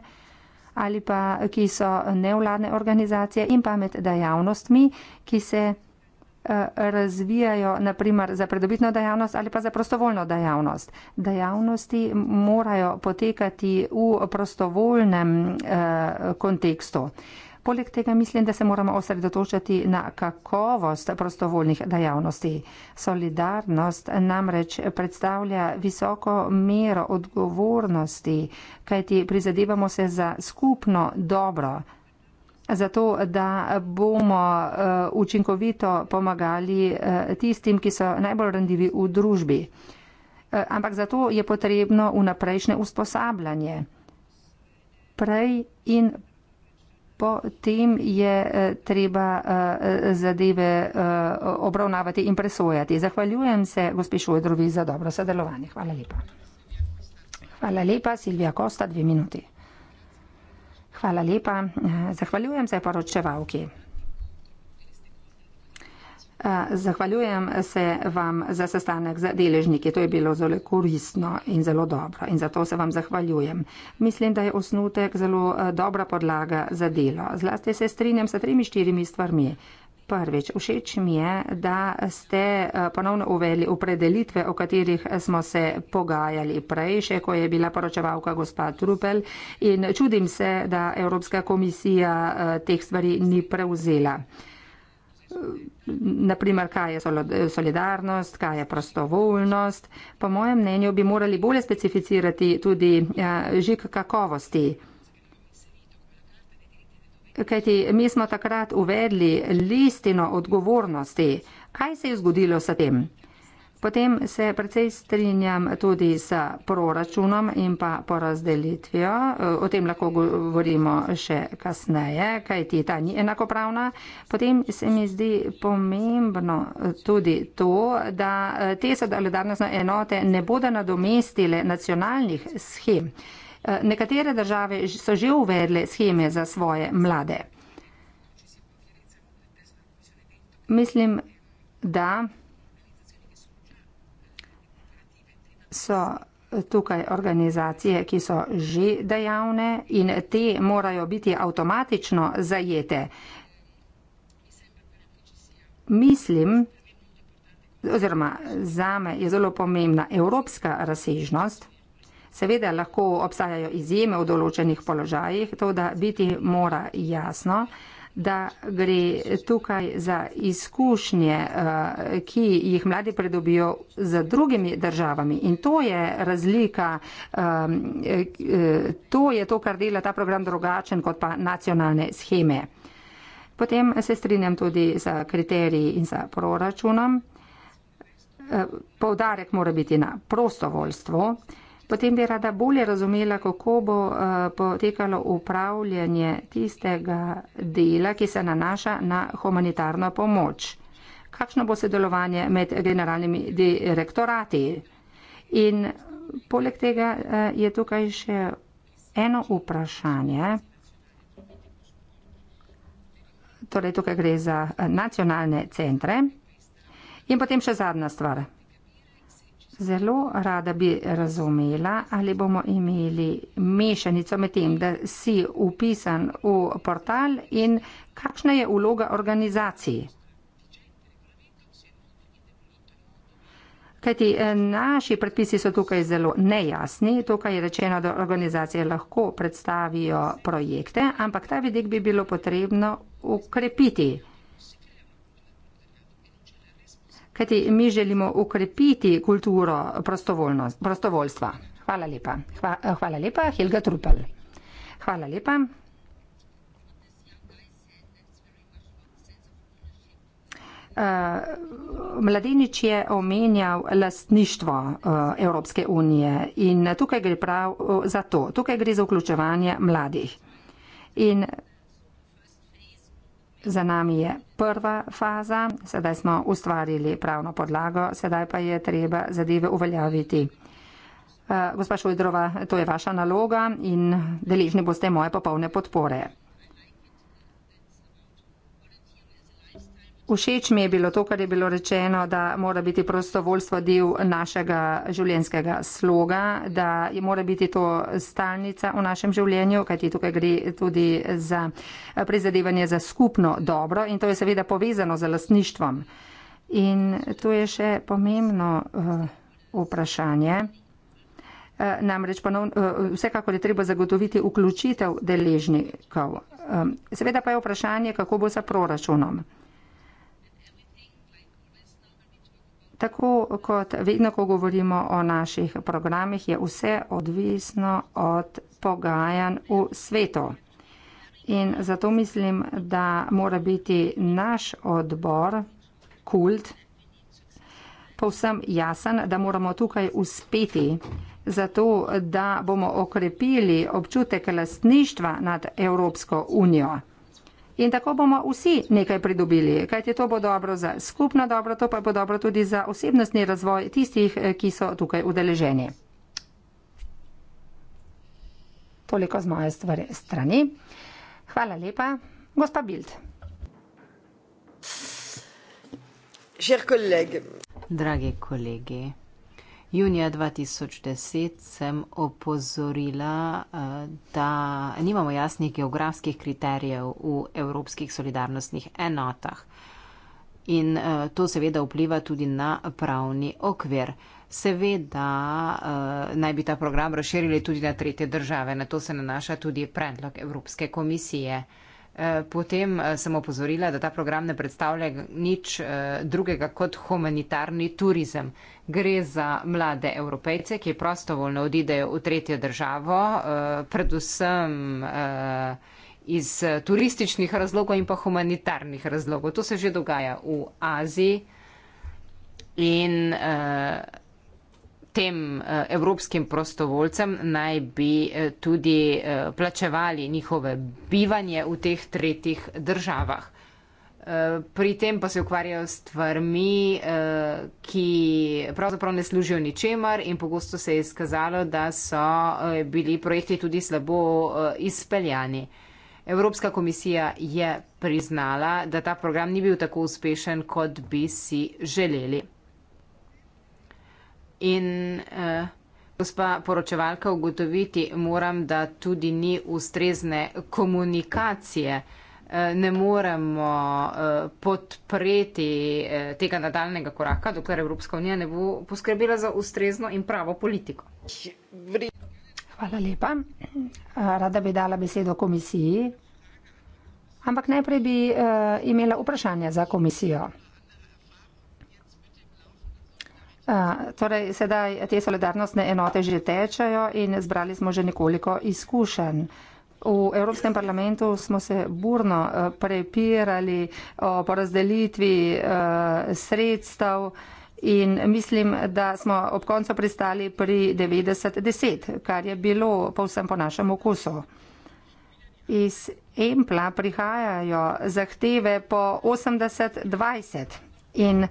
ali pa ki so nevladne organizacije in pa med dejavnostmi, ki se eh, razvijajo naprimer za predobitno dejavnost ali pa za prostovoljno dejavnost. Dejavnosti morajo potekati v prostovoljnem eh, kontekstu. Eh, Poleg tega mislim, da se moramo osredotočiti na kakovost prostovoljnih dejavnosti. Solidarnost namreč predstavlja visoko mero odgovornosti, kajti prizadevamo se za skupno dobro. Zato, da bomo uh, učinkovito pomagali uh, tistim, ki so najbolj randivi v družbi. Uh, ampak zato je potrebno vnaprejšnje usposabljanje. Prej in potem je eh, treba eh, zadeve eh, obravnavati in presojati. Zahvaljujem se gospišu Edrovi za dobro sodelovanje. Hvala lepa. Hvala lepa, Silvija Kosta, dve minuti. Hvala lepa, zahvaljujem se poročevalki. Eh, zahvaljujem se vam za sestanek z deležniki. To je bilo zelo koristno in zelo dobro in zato se vam zahvaljujem. Mislim, da je osnutek zelo eh, dobra podlaga za delo. Zlasti se strinjam s tremi štirimi stvarmi. Prvič, všeč mi je, da ste eh, ponovno uveli opredelitve, o katerih smo se pogajali prej, še ko je bila poročevalka gospa Trupel in čudim se, da Evropska komisija teh stvari ni prevzela naprimer, kaj je solidarnost, kaj je prostovoljnost. Po mojem mnenju bi morali bolje specificirati tudi eh, žik kakovosti. Kajti mi smo takrat uvedli listino odgovornosti. Kaj se je zgodilo s tem? Potem se precej strinjam tudi s proračunom in pa porazdelitvijo. O tem lahko govorimo še kasneje, kaj ti ta ni enakopravna. Potem se mi zdi pomembno tudi to, da te solidarnostne enote ne bodo nadomestile nacionalnih schem. Nekatere države so že uvedle scheme za svoje mlade. Mislim, da. so tukaj organizacije, ki so že dejavne in te morajo biti avtomatično zajete. Mislim, oziroma zame je zelo pomembna evropska razsežnost. Seveda lahko obstajajo izjeme v določenih položajih, to da biti mora jasno, da gre tukaj za izkušnje, eh, ki jih mladi predobijo z drugimi državami. In to je razlika, ehm, eh, to je to, kar dela ta program drugačen kot pa nacionalne scheme. Potem se strinjam tudi za kriteriji in za proračunom. Eh, poudarek mora biti na prostovoljstvo. Potem bi rada bolje razumela, kako bo eh, potekalo upravljanje tistega dela, ki se nanaša na humanitarno pomoč. Kakšno bo sodelovanje med generalnimi direktorati? In poleg tega eh, je tukaj še eno vprašanje. Torej, tukaj gre za eh, nacionalne centre. In potem še zadnja stvar. Zelo rada bi razumela, ali bomo imeli mešanico med tem, da si upisan v portal in kakšna je vloga organizacije. Kajti eh, naši predpisi so tukaj zelo nejasni, tukaj je rečeno, da organizacije lahko predstavijo projekte, ampak ta vidik bi bilo potrebno ukrepiti kajti mi želimo ukrepiti kulturo prostovoljstva. Hvala lepa. Hva, hvala lepa, Helga Trupel. Hvala lepa. Uh, mladenič je omenjal lastništvo uh, Evropske unije in tukaj gre prav uh, za to. Tukaj gre za vključevanje mladih. In Za nami je prva faza, sedaj smo ustvarili pravno podlago, sedaj pa je treba zadeve uveljaviti. Eh, gospa Šojdrova, to je vaša naloga in deležni boste moje popolne podpore. Všeč mi je bilo to, kar je bilo rečeno, da mora biti prostovoljstvo del našega življenjskega sloga, da mora biti to stalnica v našem življenju, kajti tukaj gre tudi za prizadevanje za skupno dobro in to je seveda povezano z lastništvom. In to je še pomembno uh, vprašanje. Eh, namreč ponovno, eh, vsekakor je treba zagotoviti vključitev deležnikov. Seveda pa je vprašanje, kako bo za proračunom. Tako kot vedno, ko govorimo o naših programih, je vse odvisno od pogajanj v svetu. In zato mislim, da mora biti naš odbor, kult, povsem jasen, da moramo tukaj uspeti, zato da bomo okrepili občutek lastništva nad Evropsko unijo. In tako bomo vsi nekaj pridobili, kajti to bo dobro za skupno dobro, to pa bo dobro tudi za osebnostni razvoj tistih, eh, ki so tukaj udeleženi. Toliko z moje strani. Hvala lepa. Gospa Bild. Dragi kolegi. Junija 2010 sem opozorila, eh, da nimamo jasnih geografskih kriterijev v evropskih solidarnostnih enotah. In eh, to seveda vpliva tudi na pravni okvir. Seveda eh, naj bi ta program razširili tudi na tretje države. Na to se nanaša tudi predlog Evropske komisije. Eh, potem eh, sem opozorila, da ta program ne predstavlja nič eh, drugega kot humanitarni turizem. Gre za mlade evropejce, ki prostovoljno odidejo v tretjo državo, predvsem iz turističnih razlogov in pa humanitarnih razlogov. To se že dogaja v Aziji. In uh, tem eh, evropskim prostovoljcem naj bi eh, tudi eh, plačevali njihove bivanje v teh tretjih državah. Pri tem pa se ukvarjajo s stvarmi, ki pravzaprav ne služijo ničemer in pogosto se je izkazalo, da so bili projekti tudi slabo izpeljani. Evropska komisija je priznala, da ta program ni bil tako uspešen, kot bi si želeli in uh, gospa poročevalka ugotoviti moram, da tudi ni ustrezne komunikacije. Eh, ne moremo eh, podpreti tega nadaljnega koraka, dokler Evropska unija ne bo poskrbela za ustrezno in pravo politiko. Hvala lepa. Rada bi dala besedo komisiji, ampak najprej bi imela vprašanja za komisijo. Torej, sedaj te solidarnostne enote že tečajo in zbrali smo že nekoliko izkušenj. V Evropskem parlamentu smo se burno e, prepirali o porazdelitvi e, sredstev in mislim, da smo ob koncu pristali pri 90-10, kar je bilo povsem po našem okusu. Iz Empla prihajajo zahteve po 80-20 in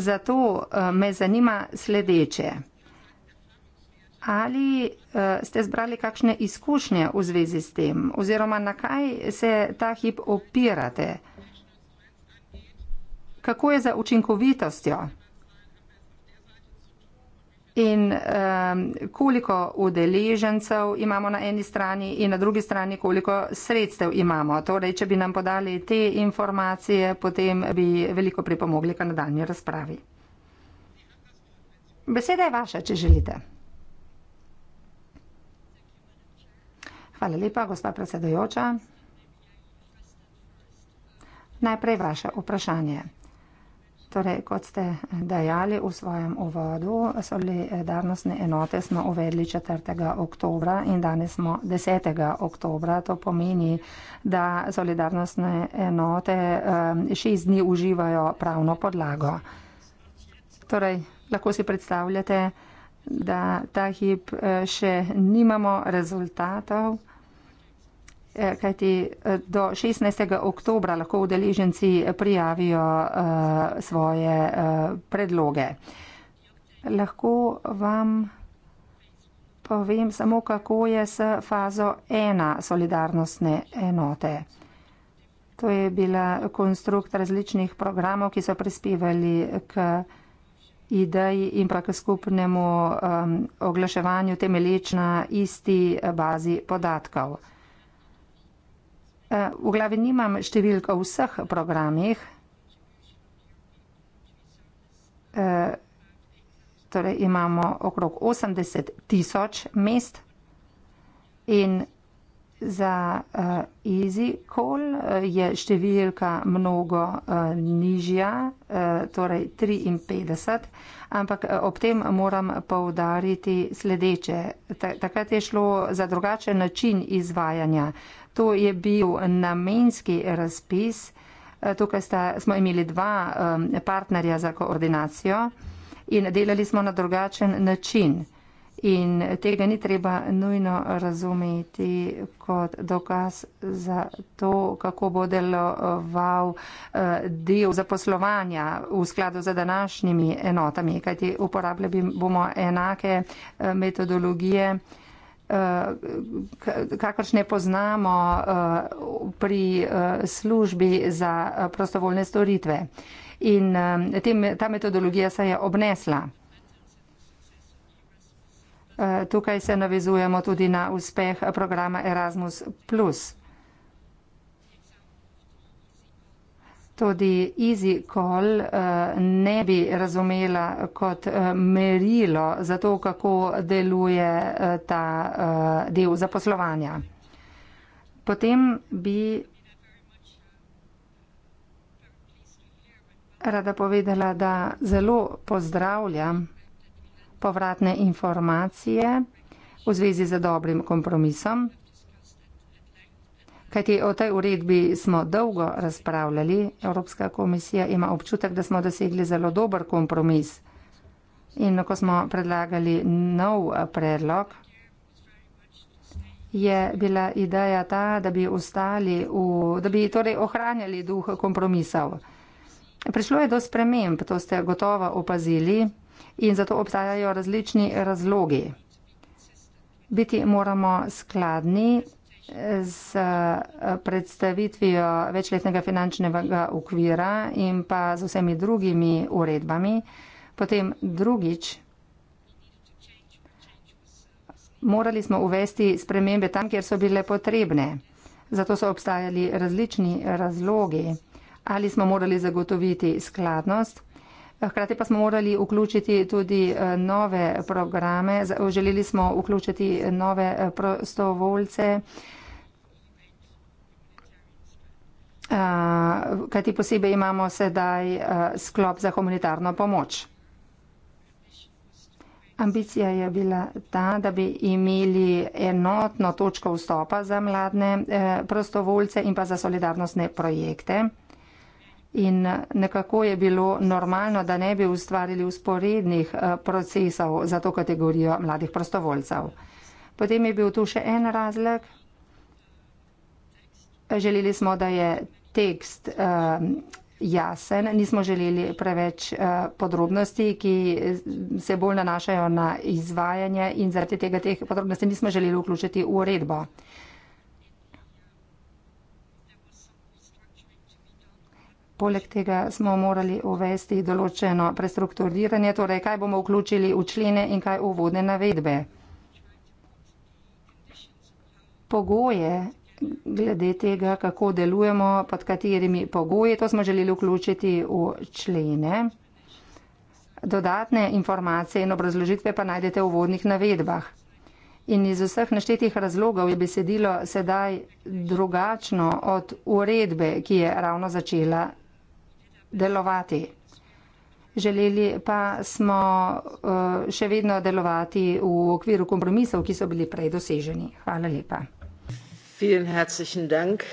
Zato eh, me zanima sledeče. Ali eh, ste zbrali kakšne izkušnje v zvezi s tem oziroma na kaj se ta hip opirate? Kako je za učinkovitostjo? in um, koliko udeležencev imamo na eni strani in na drugi strani, koliko sredstev imamo. Torej, če bi nam podali te informacije, potem bi veliko pripomogli k nadaljni razpravi. Beseda je vaša, če želite. Hvala lepa, gospa predsedojoča. Najprej vaše vprašanje. Torej, kot ste dejali v svojem uvodu, solidarnostne enote smo uvedli 4. oktober in danes smo 10. oktober. To pomeni, da solidarnostne enote eh, šest dni uživajo pravno podlago. Torej, lahko si predstavljate, da ta hip eh, še nimamo rezultatov. Eh, kajti eh, do 16. oktobra lahko udeleženci prijavijo uh, svoje uh, predloge. Lahko vam povem samo, kako je s fazo ena solidarnostne enote. To je bila konstrukt različnih programov, ki so prispevali k ideji in pa k skupnemu um, oglaševanju temeleč na isti bazi podatkov. Eh, v glavi nimam številk o vseh programih, eh, torej imamo okrog 80 tisoč mest in za eh, EasyCall je številka mnogo nižja, torej 53, ampak ob tem moram povdariti sledeče. Takrat je šlo za drugačen način izvajanja. To je bil namenski razpis. Eh, tukaj sta, smo imeli dva partnerja za koordinacijo in delali smo na drugačen način. In tega ni treba nujno razumeti kot dokaz za to, kako bo deloval eh, del zaposlovanja v skladu z današnjimi enotami, kajti uporabljali bomo enake eh, metodologije. Eh, kakršne poznamo eh, pri eh, službi za prostovoljne storitve. In ta metodologija se je obnesla. Tukaj se navezujemo tudi na uspeh programa Erasmus+. tudi easy call uh, eh, ne bi razumela kot uh, merilo za to, kako deluje uh, ta uh, del zaposlovanja. Potem bi rada povedala, da zelo pozdravljam povratne informacije v zvezi z dobrim kompromisom. Kajti o tej uredbi smo dolgo razpravljali, Evropska komisija ima občutek, da smo dosegli zelo dober kompromis. In ko smo predlagali nov eh, predlog, je bila ideja ta, da bi, ustali v, da bi torej ohranjali duh kompromisov. Prišlo je do sprememb, to ste gotovo opazili in zato obstajajo različni razlogi. Biti moramo skladni z eh, predstavitvijo večletnega finančnega ukvira in pa z vsemi drugimi uredbami. Potem drugič, morali smo uvesti spremembe tam, kjer so bile potrebne. Zato so obstajali različni razlogi, ali smo morali zagotoviti skladnost. Hkrati pa smo morali vključiti tudi eh, nove programe, želeli smo vključiti nove eh, prostovoljce. Eh, kajti posebej imamo sedaj eh, sklop za humanitarno pomoč. Ambicija je bila ta, da bi imeli enotno točko vstopa za mladne eh, prostovoljce in pa za solidarnostne projekte. In nekako je bilo normalno, da ne bi ustvarili usporednih procesov za to kategorijo mladih prostovoljcev. Potem je bil tu še en razlog. Želeli smo, da je tekst um, jasen, nismo želeli preveč uh, podrobnosti, ki se bolj nanašajo na izvajanje in zaradi tega teh podrobnosti nismo želeli vključiti v uredbo. Poleg tega smo morali uvesti določeno prestrukturiranje, torej kaj bomo vključili v člene in kaj v vodne navedbe. Pogoje glede tega, kako delujemo, pod katerimi pogoji, to smo želeli vključiti v člene. Dodatne informacije in obrazložitve pa najdete v vodnih navedbah. In iz vseh naštetih razlogov je besedilo sedaj drugačno od uredbe, ki je ravno začela delovati. Želeli pa smo eh, še vedno delovati v okviru kompromisov, ki so bili prej doseženi. Hvala lepa. Vielen herzlichen Dank.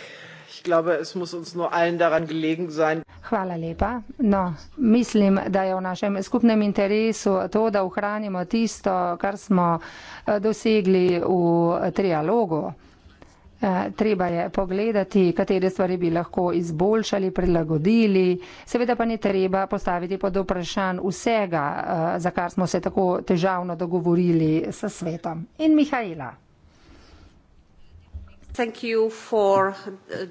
Ich glaube, es muss uns nur allen daran gelegen sein. Hvala lepa. No, mislim, da je v našem skupnem interesu to, da ohranimo tisto, kar smo eh, dosegli v eh, trialogu. Eh, treba je pogledati, katere stvari bi lahko izboljšali, prilagodili. Seveda pa ni treba postaviti pod vprašan vsega, za kar smo se tako težavno dogovorili s svetom. In Mihajla. Uh,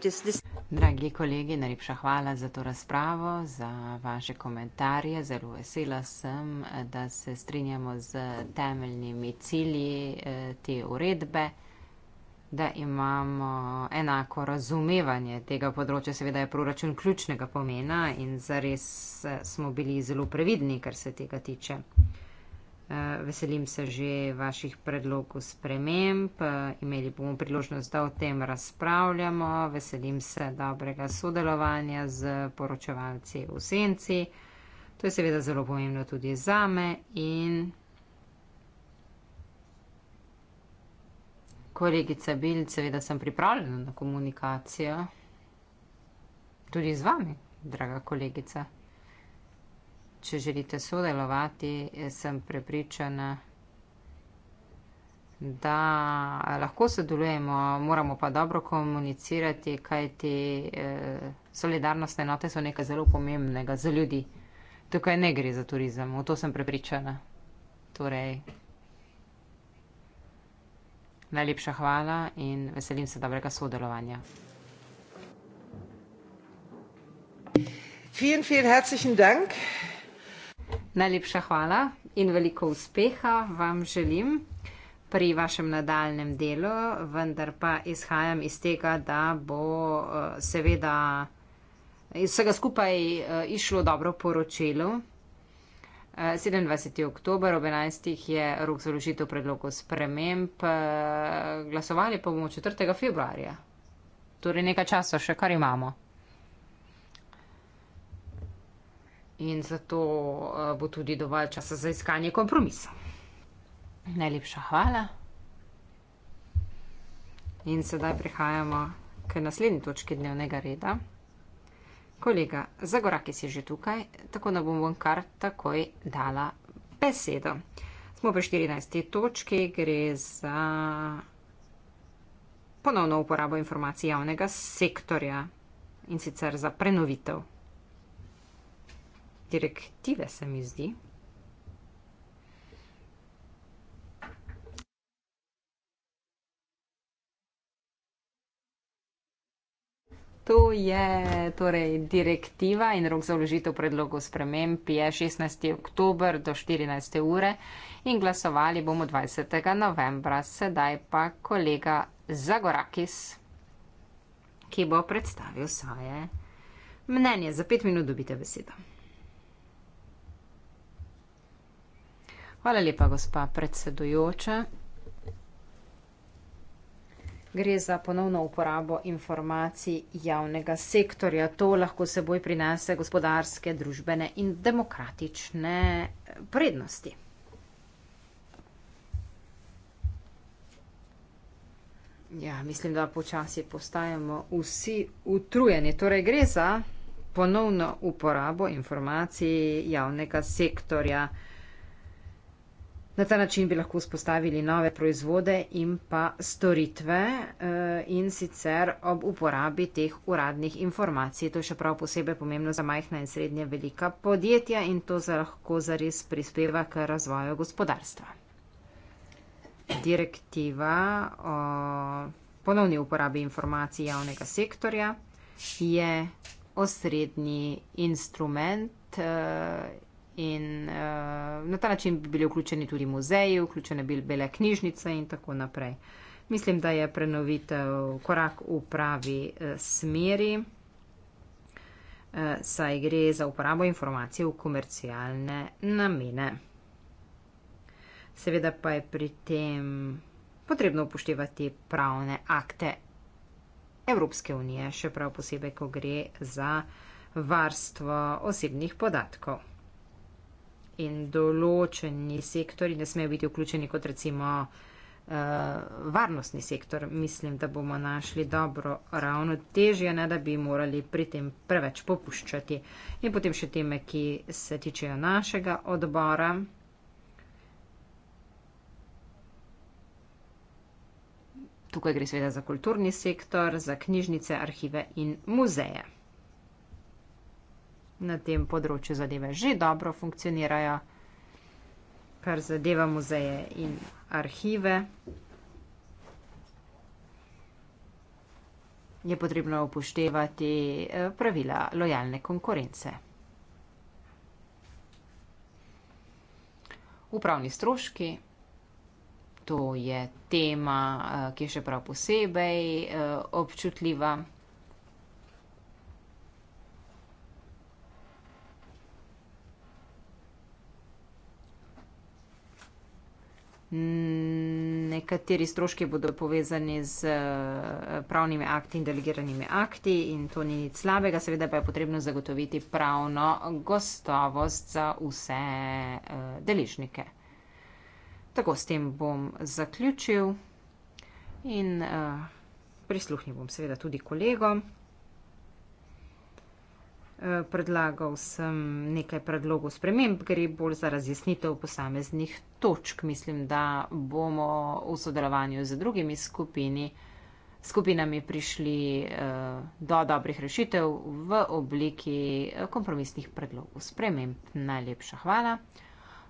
Dragi kolegi, najlepša hvala za to razpravo, za vaše komentarje. Zelo vesela sem, da se strinjamo z temeljnimi cilji eh, te uredbe, da imamo enako razumevanje tega področja. Seveda je proračun ključnega pomena in zares eh, smo bili zelo previdni, kar se tega tiče. Eh, veselim se že vaših predlogov sprememb, eh, imeli bomo priložnost, da o tem razpravljamo. Veselim se dobrega sodelovanja z poročevalci v senci. To je seveda zelo pomembno tudi za me in kolegica Bil, seveda sem pripravljena na komunikacijo tudi z vami, draga kolegica če želite sodelovati, eh, sem prepričana, da lahko sodelujemo, moramo pa dobro komunicirati, kaj ti eh, solidarnostne note so nekaj zelo pomembnega za ljudi. Tukaj ne gre za turizem, v to sem prepričana. Torej, najlepša hvala in veselim se dobrega sodelovanja. Vielen, vielen herzlichen Dank. Najlepša hvala in veliko uspeha vam želim pri vašem nadaljem delu, vendar pa izhajam iz tega, da bo eh, seveda iz vsega skupaj eh, išlo dobro poročilo. 27. Eh, oktober ob 11. je rok za vložitev predlogov sprememb, glasovali pa bomo 4. februarja. Torej nekaj časa še kar imamo. in zato eh, bo tudi dovolj časa za iskanje kompromisa. Najlepša hvala. In sedaj prihajamo k naslednji točki dnevnega reda. Kolega Zagorak je že tukaj, tako da bom kar takoj dala besedo. Smo pri 14. točki, gre za ponovno uporabo informacij javnega sektorja in sicer za prenovitev direktive, se mi zdi. To je torej direktiva in rok za vložitev predlogov sprememb je 16. oktober do 14. ure in glasovali bomo 20. novembra. Sedaj pa kolega Zagorakis, ki bo predstavil svoje mnenje. Za pet minut dobite besedo. Hvala lepa, gospa predsedujoča. Gre za ponovno uporabo informacij javnega sektorja. To lahko seboj prinese gospodarske, družbene in demokratične prednosti. Ja, mislim, da počasi postajamo vsi utrujeni. Torej gre za ponovno uporabo informacij javnega sektorja. Na ta način bi lahko vzpostavili nove proizvode in pa storitve eh, in sicer ob uporabi teh uradnih informacij. To je še prav posebej pomembno za majhna in srednje velika podjetja in to za lahko zares prispeva k razvoju gospodarstva. Direktiva o ponovni uporabi informacij javnega sektorja je osrednji instrument eh, In uh, na ta način bi bili vključeni tudi muzeji, vključene bi bile knjižnice in tako naprej. Mislim, da je prenovitev korak v pravi uh, smeri, uh, saj gre za uporabo informacij v komercialne namene. Seveda pa je pri tem potrebno upoštevati pravne akte Evropske unije, še prav posebej, ko gre za varstvo osebnih podatkov in določeni sektori ne smejo biti vključeni kot recimo uh, varnostni sektor. Mislim, da bomo našli dobro ravno težje, ne da bi morali pri tem preveč popuščati. In potem še teme, ki se tičejo našega odbora. Tukaj gre seveda za kulturni sektor, za knjižnice, arhive in muzeje na tem področju zadeve že dobro funkcionirajo, kar zadeva muzeje in arhive. Je potrebno upoštevati eh, pravila lojalne konkurence. Upravni stroški. To je tema, eh, ki je še prav posebej eh, občutljiva. Nekateri stroški bodo povezani z eh, pravnimi akti in delegiranimi akti in to ni nič slabega, seveda pa je potrebno zagotoviti pravno gostovost za vse eh, deležnike. Tako s tem bom zaključil in uh, prisluhnil bom seveda tudi kolegom. Eh, predlagal sem nekaj predlogov sprememb, gre bolj za razjasnitev posameznih točk. Mislim, da bomo v sodelovanju z drugimi skupini, skupinami prišli eh, do dobrih rešitev v obliki eh, kompromisnih predlogov sprememb. Najlepša hvala.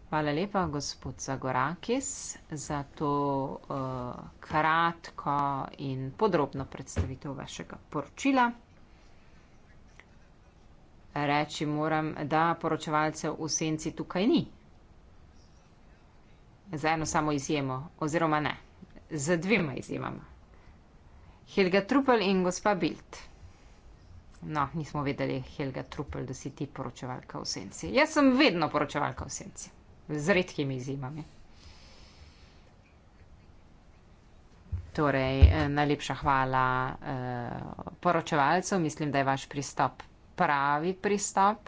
Hvala lepa, gospod Zagorakis, za to uh, kratko in podrobno predstavitev vašega poročila reči moram, da poročevalcev v senci tukaj ni. Z eno samo izjemo, oziroma ne, z dvema izjemama. Helga Trupel in gospa Bild. No, nismo vedeli, Helga Trupel, da si ti poročevalka v senci. Jaz sem vedno poročevalka v senci, z redkimi izjemami. Torej, eh, najlepša hvala eh, poročevalcu. Mislim, da je vaš pristop pravi pristop.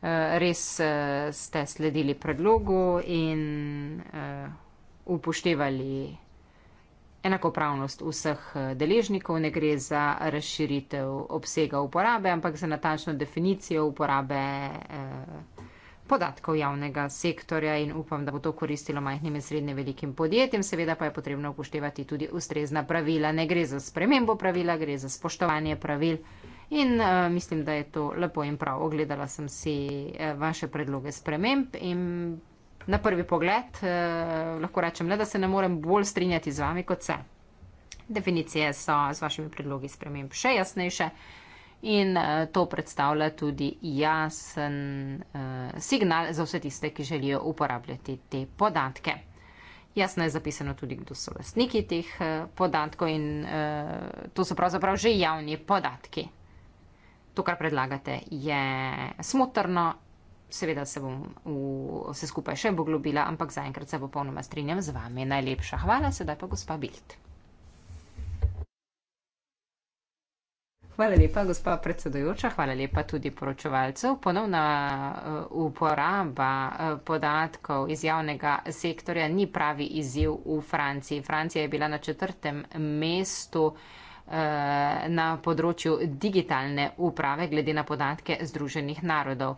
Eh, res eh, ste sledili predlogu in eh, upoštevali enakopravnost vseh deležnikov. Ne gre za razširitev obsega uporabe, ampak za natančno definicijo uporabe podatkov javnega sektorja in upam, da bo to koristilo majhnim in srednje velikim podjetjem. Seveda pa je potrebno upoštevati tudi ustrezna pravila. Ne gre za spremembo pravila, gre za spoštovanje pravil. In uh, mislim, da je to lepo in prav. Ogledala sem si uh, vaše predloge sprememb in na prvi pogled uh, lahko rečem le, da se ne morem bolj strinjati z vami kot se. Definicije so z vašimi predlogi sprememb še jasnejše in uh, to predstavlja tudi jasen uh, signal za vse tiste, ki želijo uporabljati te podatke. Jasno je zapisano tudi, kdo so lastniki teh podatkov in uh, to so pravzaprav že javni podatki to, kar predlagate, je smotrno. Seveda se bom vse skupaj še poglobila, ampak zaenkrat se popolnoma strinjam z vami. Najlepša hvala, sedaj pa gospa Bilt. Hvala lepa, gospa predsedojoča, hvala lepa tudi poročevalcev. Ponovna eh, uporaba eh, podatkov iz javnega sektorja ni pravi izziv v Franciji. Francija je bila na četrtem mestu. Eh, na področju digitalne uprave, glede na podatke Združenih narodov.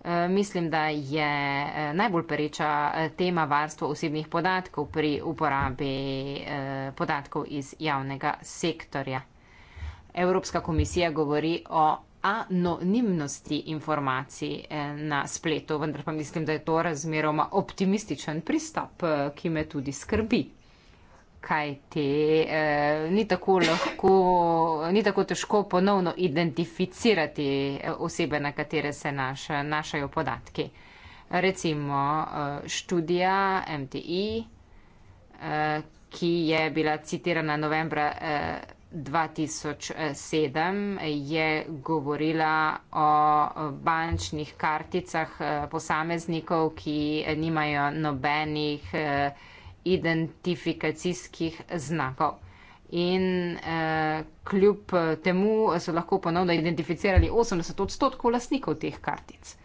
Eh, mislim, da je eh, najbolj pereča tema varstvo osebnih podatkov pri uporabi podatkov iz javnega sektorja. Evropska komisija govori o anonimnosti informacij na spletu, vendar pa mislim, da je to razmeroma optimističen pristop, ki me tudi skrbi kaj te, eh, ni tako lahko, ni tako težko ponovno identificirati eh, osebe, na katere se naš, našajo podatki. Recimo eh, študija MTI, ki je bila citirana novembra 2007, je govorila o bančnih karticah posameznikov, ki nimajo nobenih identifikacijskih znakov. In eh, kljub eh, temu so lahko ponovno identificirali 80 odstotkov lasnikov teh kartic.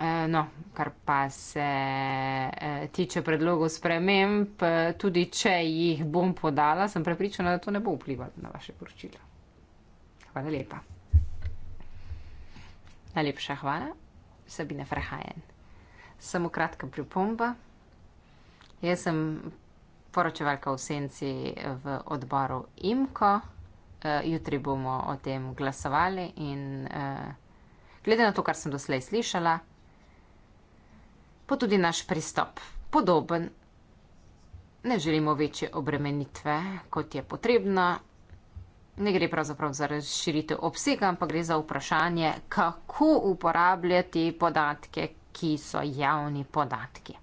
Eh, no, kar pa se eh, tiče predlogov sprememb, eh, tudi če jih bom podala, sem prepričana, da to ne bo vplivalo na vaše poročilo. Hvala lepa. Najlepša hvala, Sabina Frahajen. Samo kratka pripomba. Jaz sem poročevalka v senci v odboru IMKO. Eh, jutri bomo o tem glasovali in eh, glede na to, kar sem doslej slišala, pa tudi naš pristop podoben. Ne želimo večje obremenitve, kot je potrebno. Ne gre pravzaprav za razširitev obsega, ampak gre za vprašanje, kako uporabljati podatke, ki so javni podatki.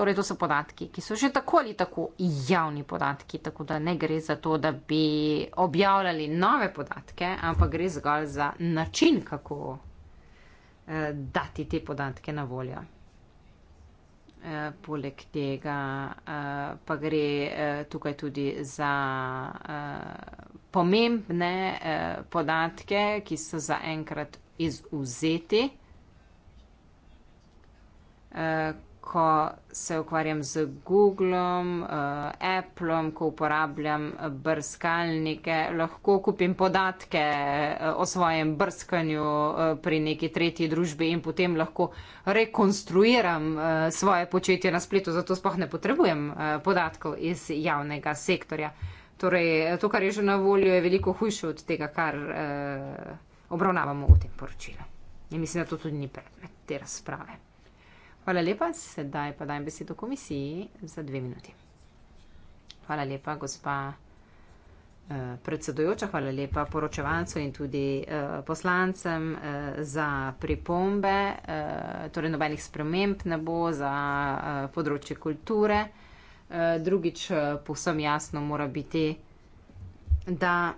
Torej, to so podatki, ki so že tako ali tako javni podatki, tako da ne gre za to, da bi objavljali nove podatke, ampak gre zgolj za način, kako eh, dati te podatke na voljo. Eh, poleg tega eh, pa gre eh, tukaj tudi za eh, pomembne eh, podatke, ki so zaenkrat izuzeti. Eh, ko se ukvarjam z Googlom, uh, eh, Appleom, ko uporabljam brskalnike, lahko kupim podatke uh, o svojem brskanju uh, pri neki tretji družbi in potem lahko rekonstruiram uh, svoje početje na spletu, zato spoh ne potrebujem uh, podatkov iz javnega sektorja. Torej, to, kar je že na voljo, je veliko hujše od tega, kar uh, obravnavamo v tem poročilu. In mislim, da to tudi ni predmet te razprave. Hvala lepa, sedaj pa dajem besedo komisiji za dve minuti. Hvala lepa, gospa eh, predsedojoča, hvala lepa poročevalcu in tudi eh, poslancem eh, za pripombe. Torej nobenih sprememb ne bo za področje kulture. Drugič, povsem jasno mora biti, da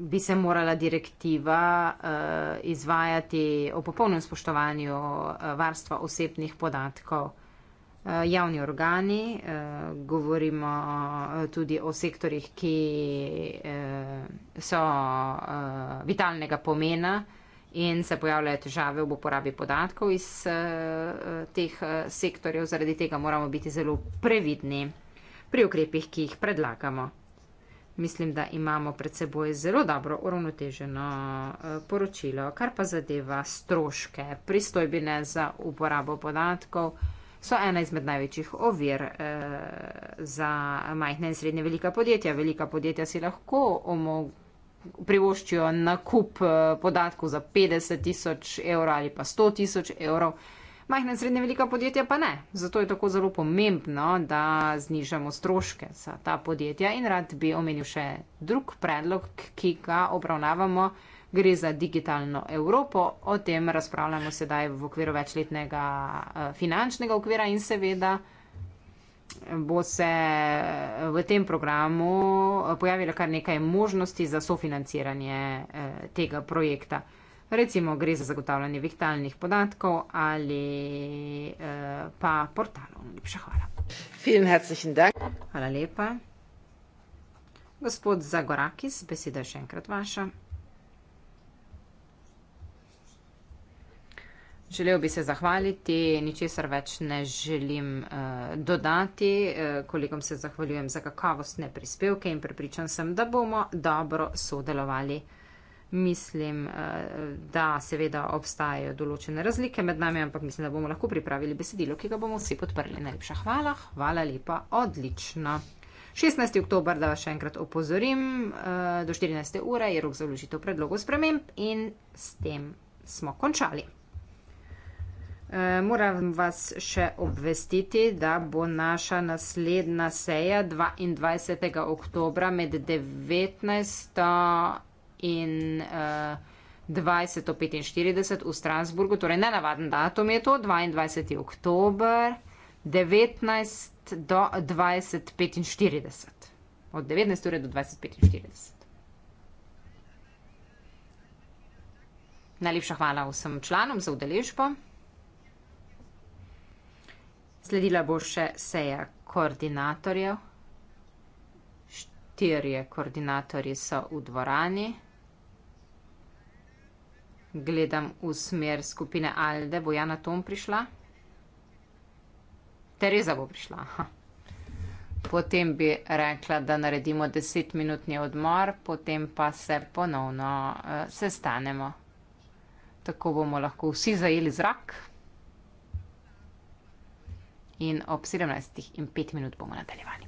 bi se morala direktiva uh, izvajati o popolnem spoštovanju eh, varstva osebnih podatkov. Uh, javni organi, uh, govorimo tudi o sektorjih, ki uh, so uh, vitalnega pomena in se pojavljajo težave ob uporabi podatkov iz uh, teh sektorjev. Zaradi tega moramo biti zelo previdni pri ukrepih, ki jih predlagamo mislim, da imamo pred seboj zelo dobro uravnoteženo eh, poročilo, kar pa zadeva stroške, pristojbine za uporabo podatkov, so ena izmed največjih ovir eh, za majhne in srednje velika podjetja. Velika podjetja si lahko privoščijo nakup eh, podatkov za 50 tisoč evrov ali pa 100 tisoč evrov majhne in srednje velika podjetja pa ne. Zato je tako zelo pomembno, da znižamo stroške za ta podjetja. In rad bi omenil še drug predlog, ki ga obravnavamo. Gre za digitalno Evropo, o tem razpravljamo sedaj v okviru večletnega eh, finančnega okvira in seveda bo se eh, v tem programu eh, pojavilo kar nekaj možnosti za sofinanciranje tega projekta recimo gre za zagotavljanje vitalnih podatkov ali eh, pa portalov. Lepša hvala. Hvala lepa. Gospod Zagorakis, beseda je še enkrat vaša. Želel bi se zahvaliti, ničesar več ne želim uh, dodati. Uh, kolegom se zahvaljujem za kakovostne prispevke in prepričan sem, da bomo dobro sodelovali. Mislim, eh, da seveda obstajajo določene razlike med nami, ampak mislim, da bomo lahko pripravili besedilo, ki ga bomo vsi podprli. Najlepša hvala, hvala lepa, odlično. 16. oktober, da vas še enkrat opozorim, eh, do 14. ure je rok za vložitev predlogov sprememb in s tem smo končali. Eh, moram vas še obvestiti, da bo naša naslednja seja 22. oktobra med 19 in uh, eh, 20.45 v Strasburgu, torej nenavaden datum je to, 22. oktober 19 do 20.45. Od 19. ure do 20.45. Najlepša hvala vsem članom za udeležbo. Sledila bo še seja koordinatorjev. Štirje koordinatorji so v dvorani gledam v smer skupine Alde, bo Jana Tom prišla? Tereza bo prišla. Aha. Potem bi rekla, da naredimo desetminutni odmor, potem pa se ponovno uh, sestanemo. Tako bomo lahko vsi zajeli zrak. In ob 17.05 bomo nadaljevali.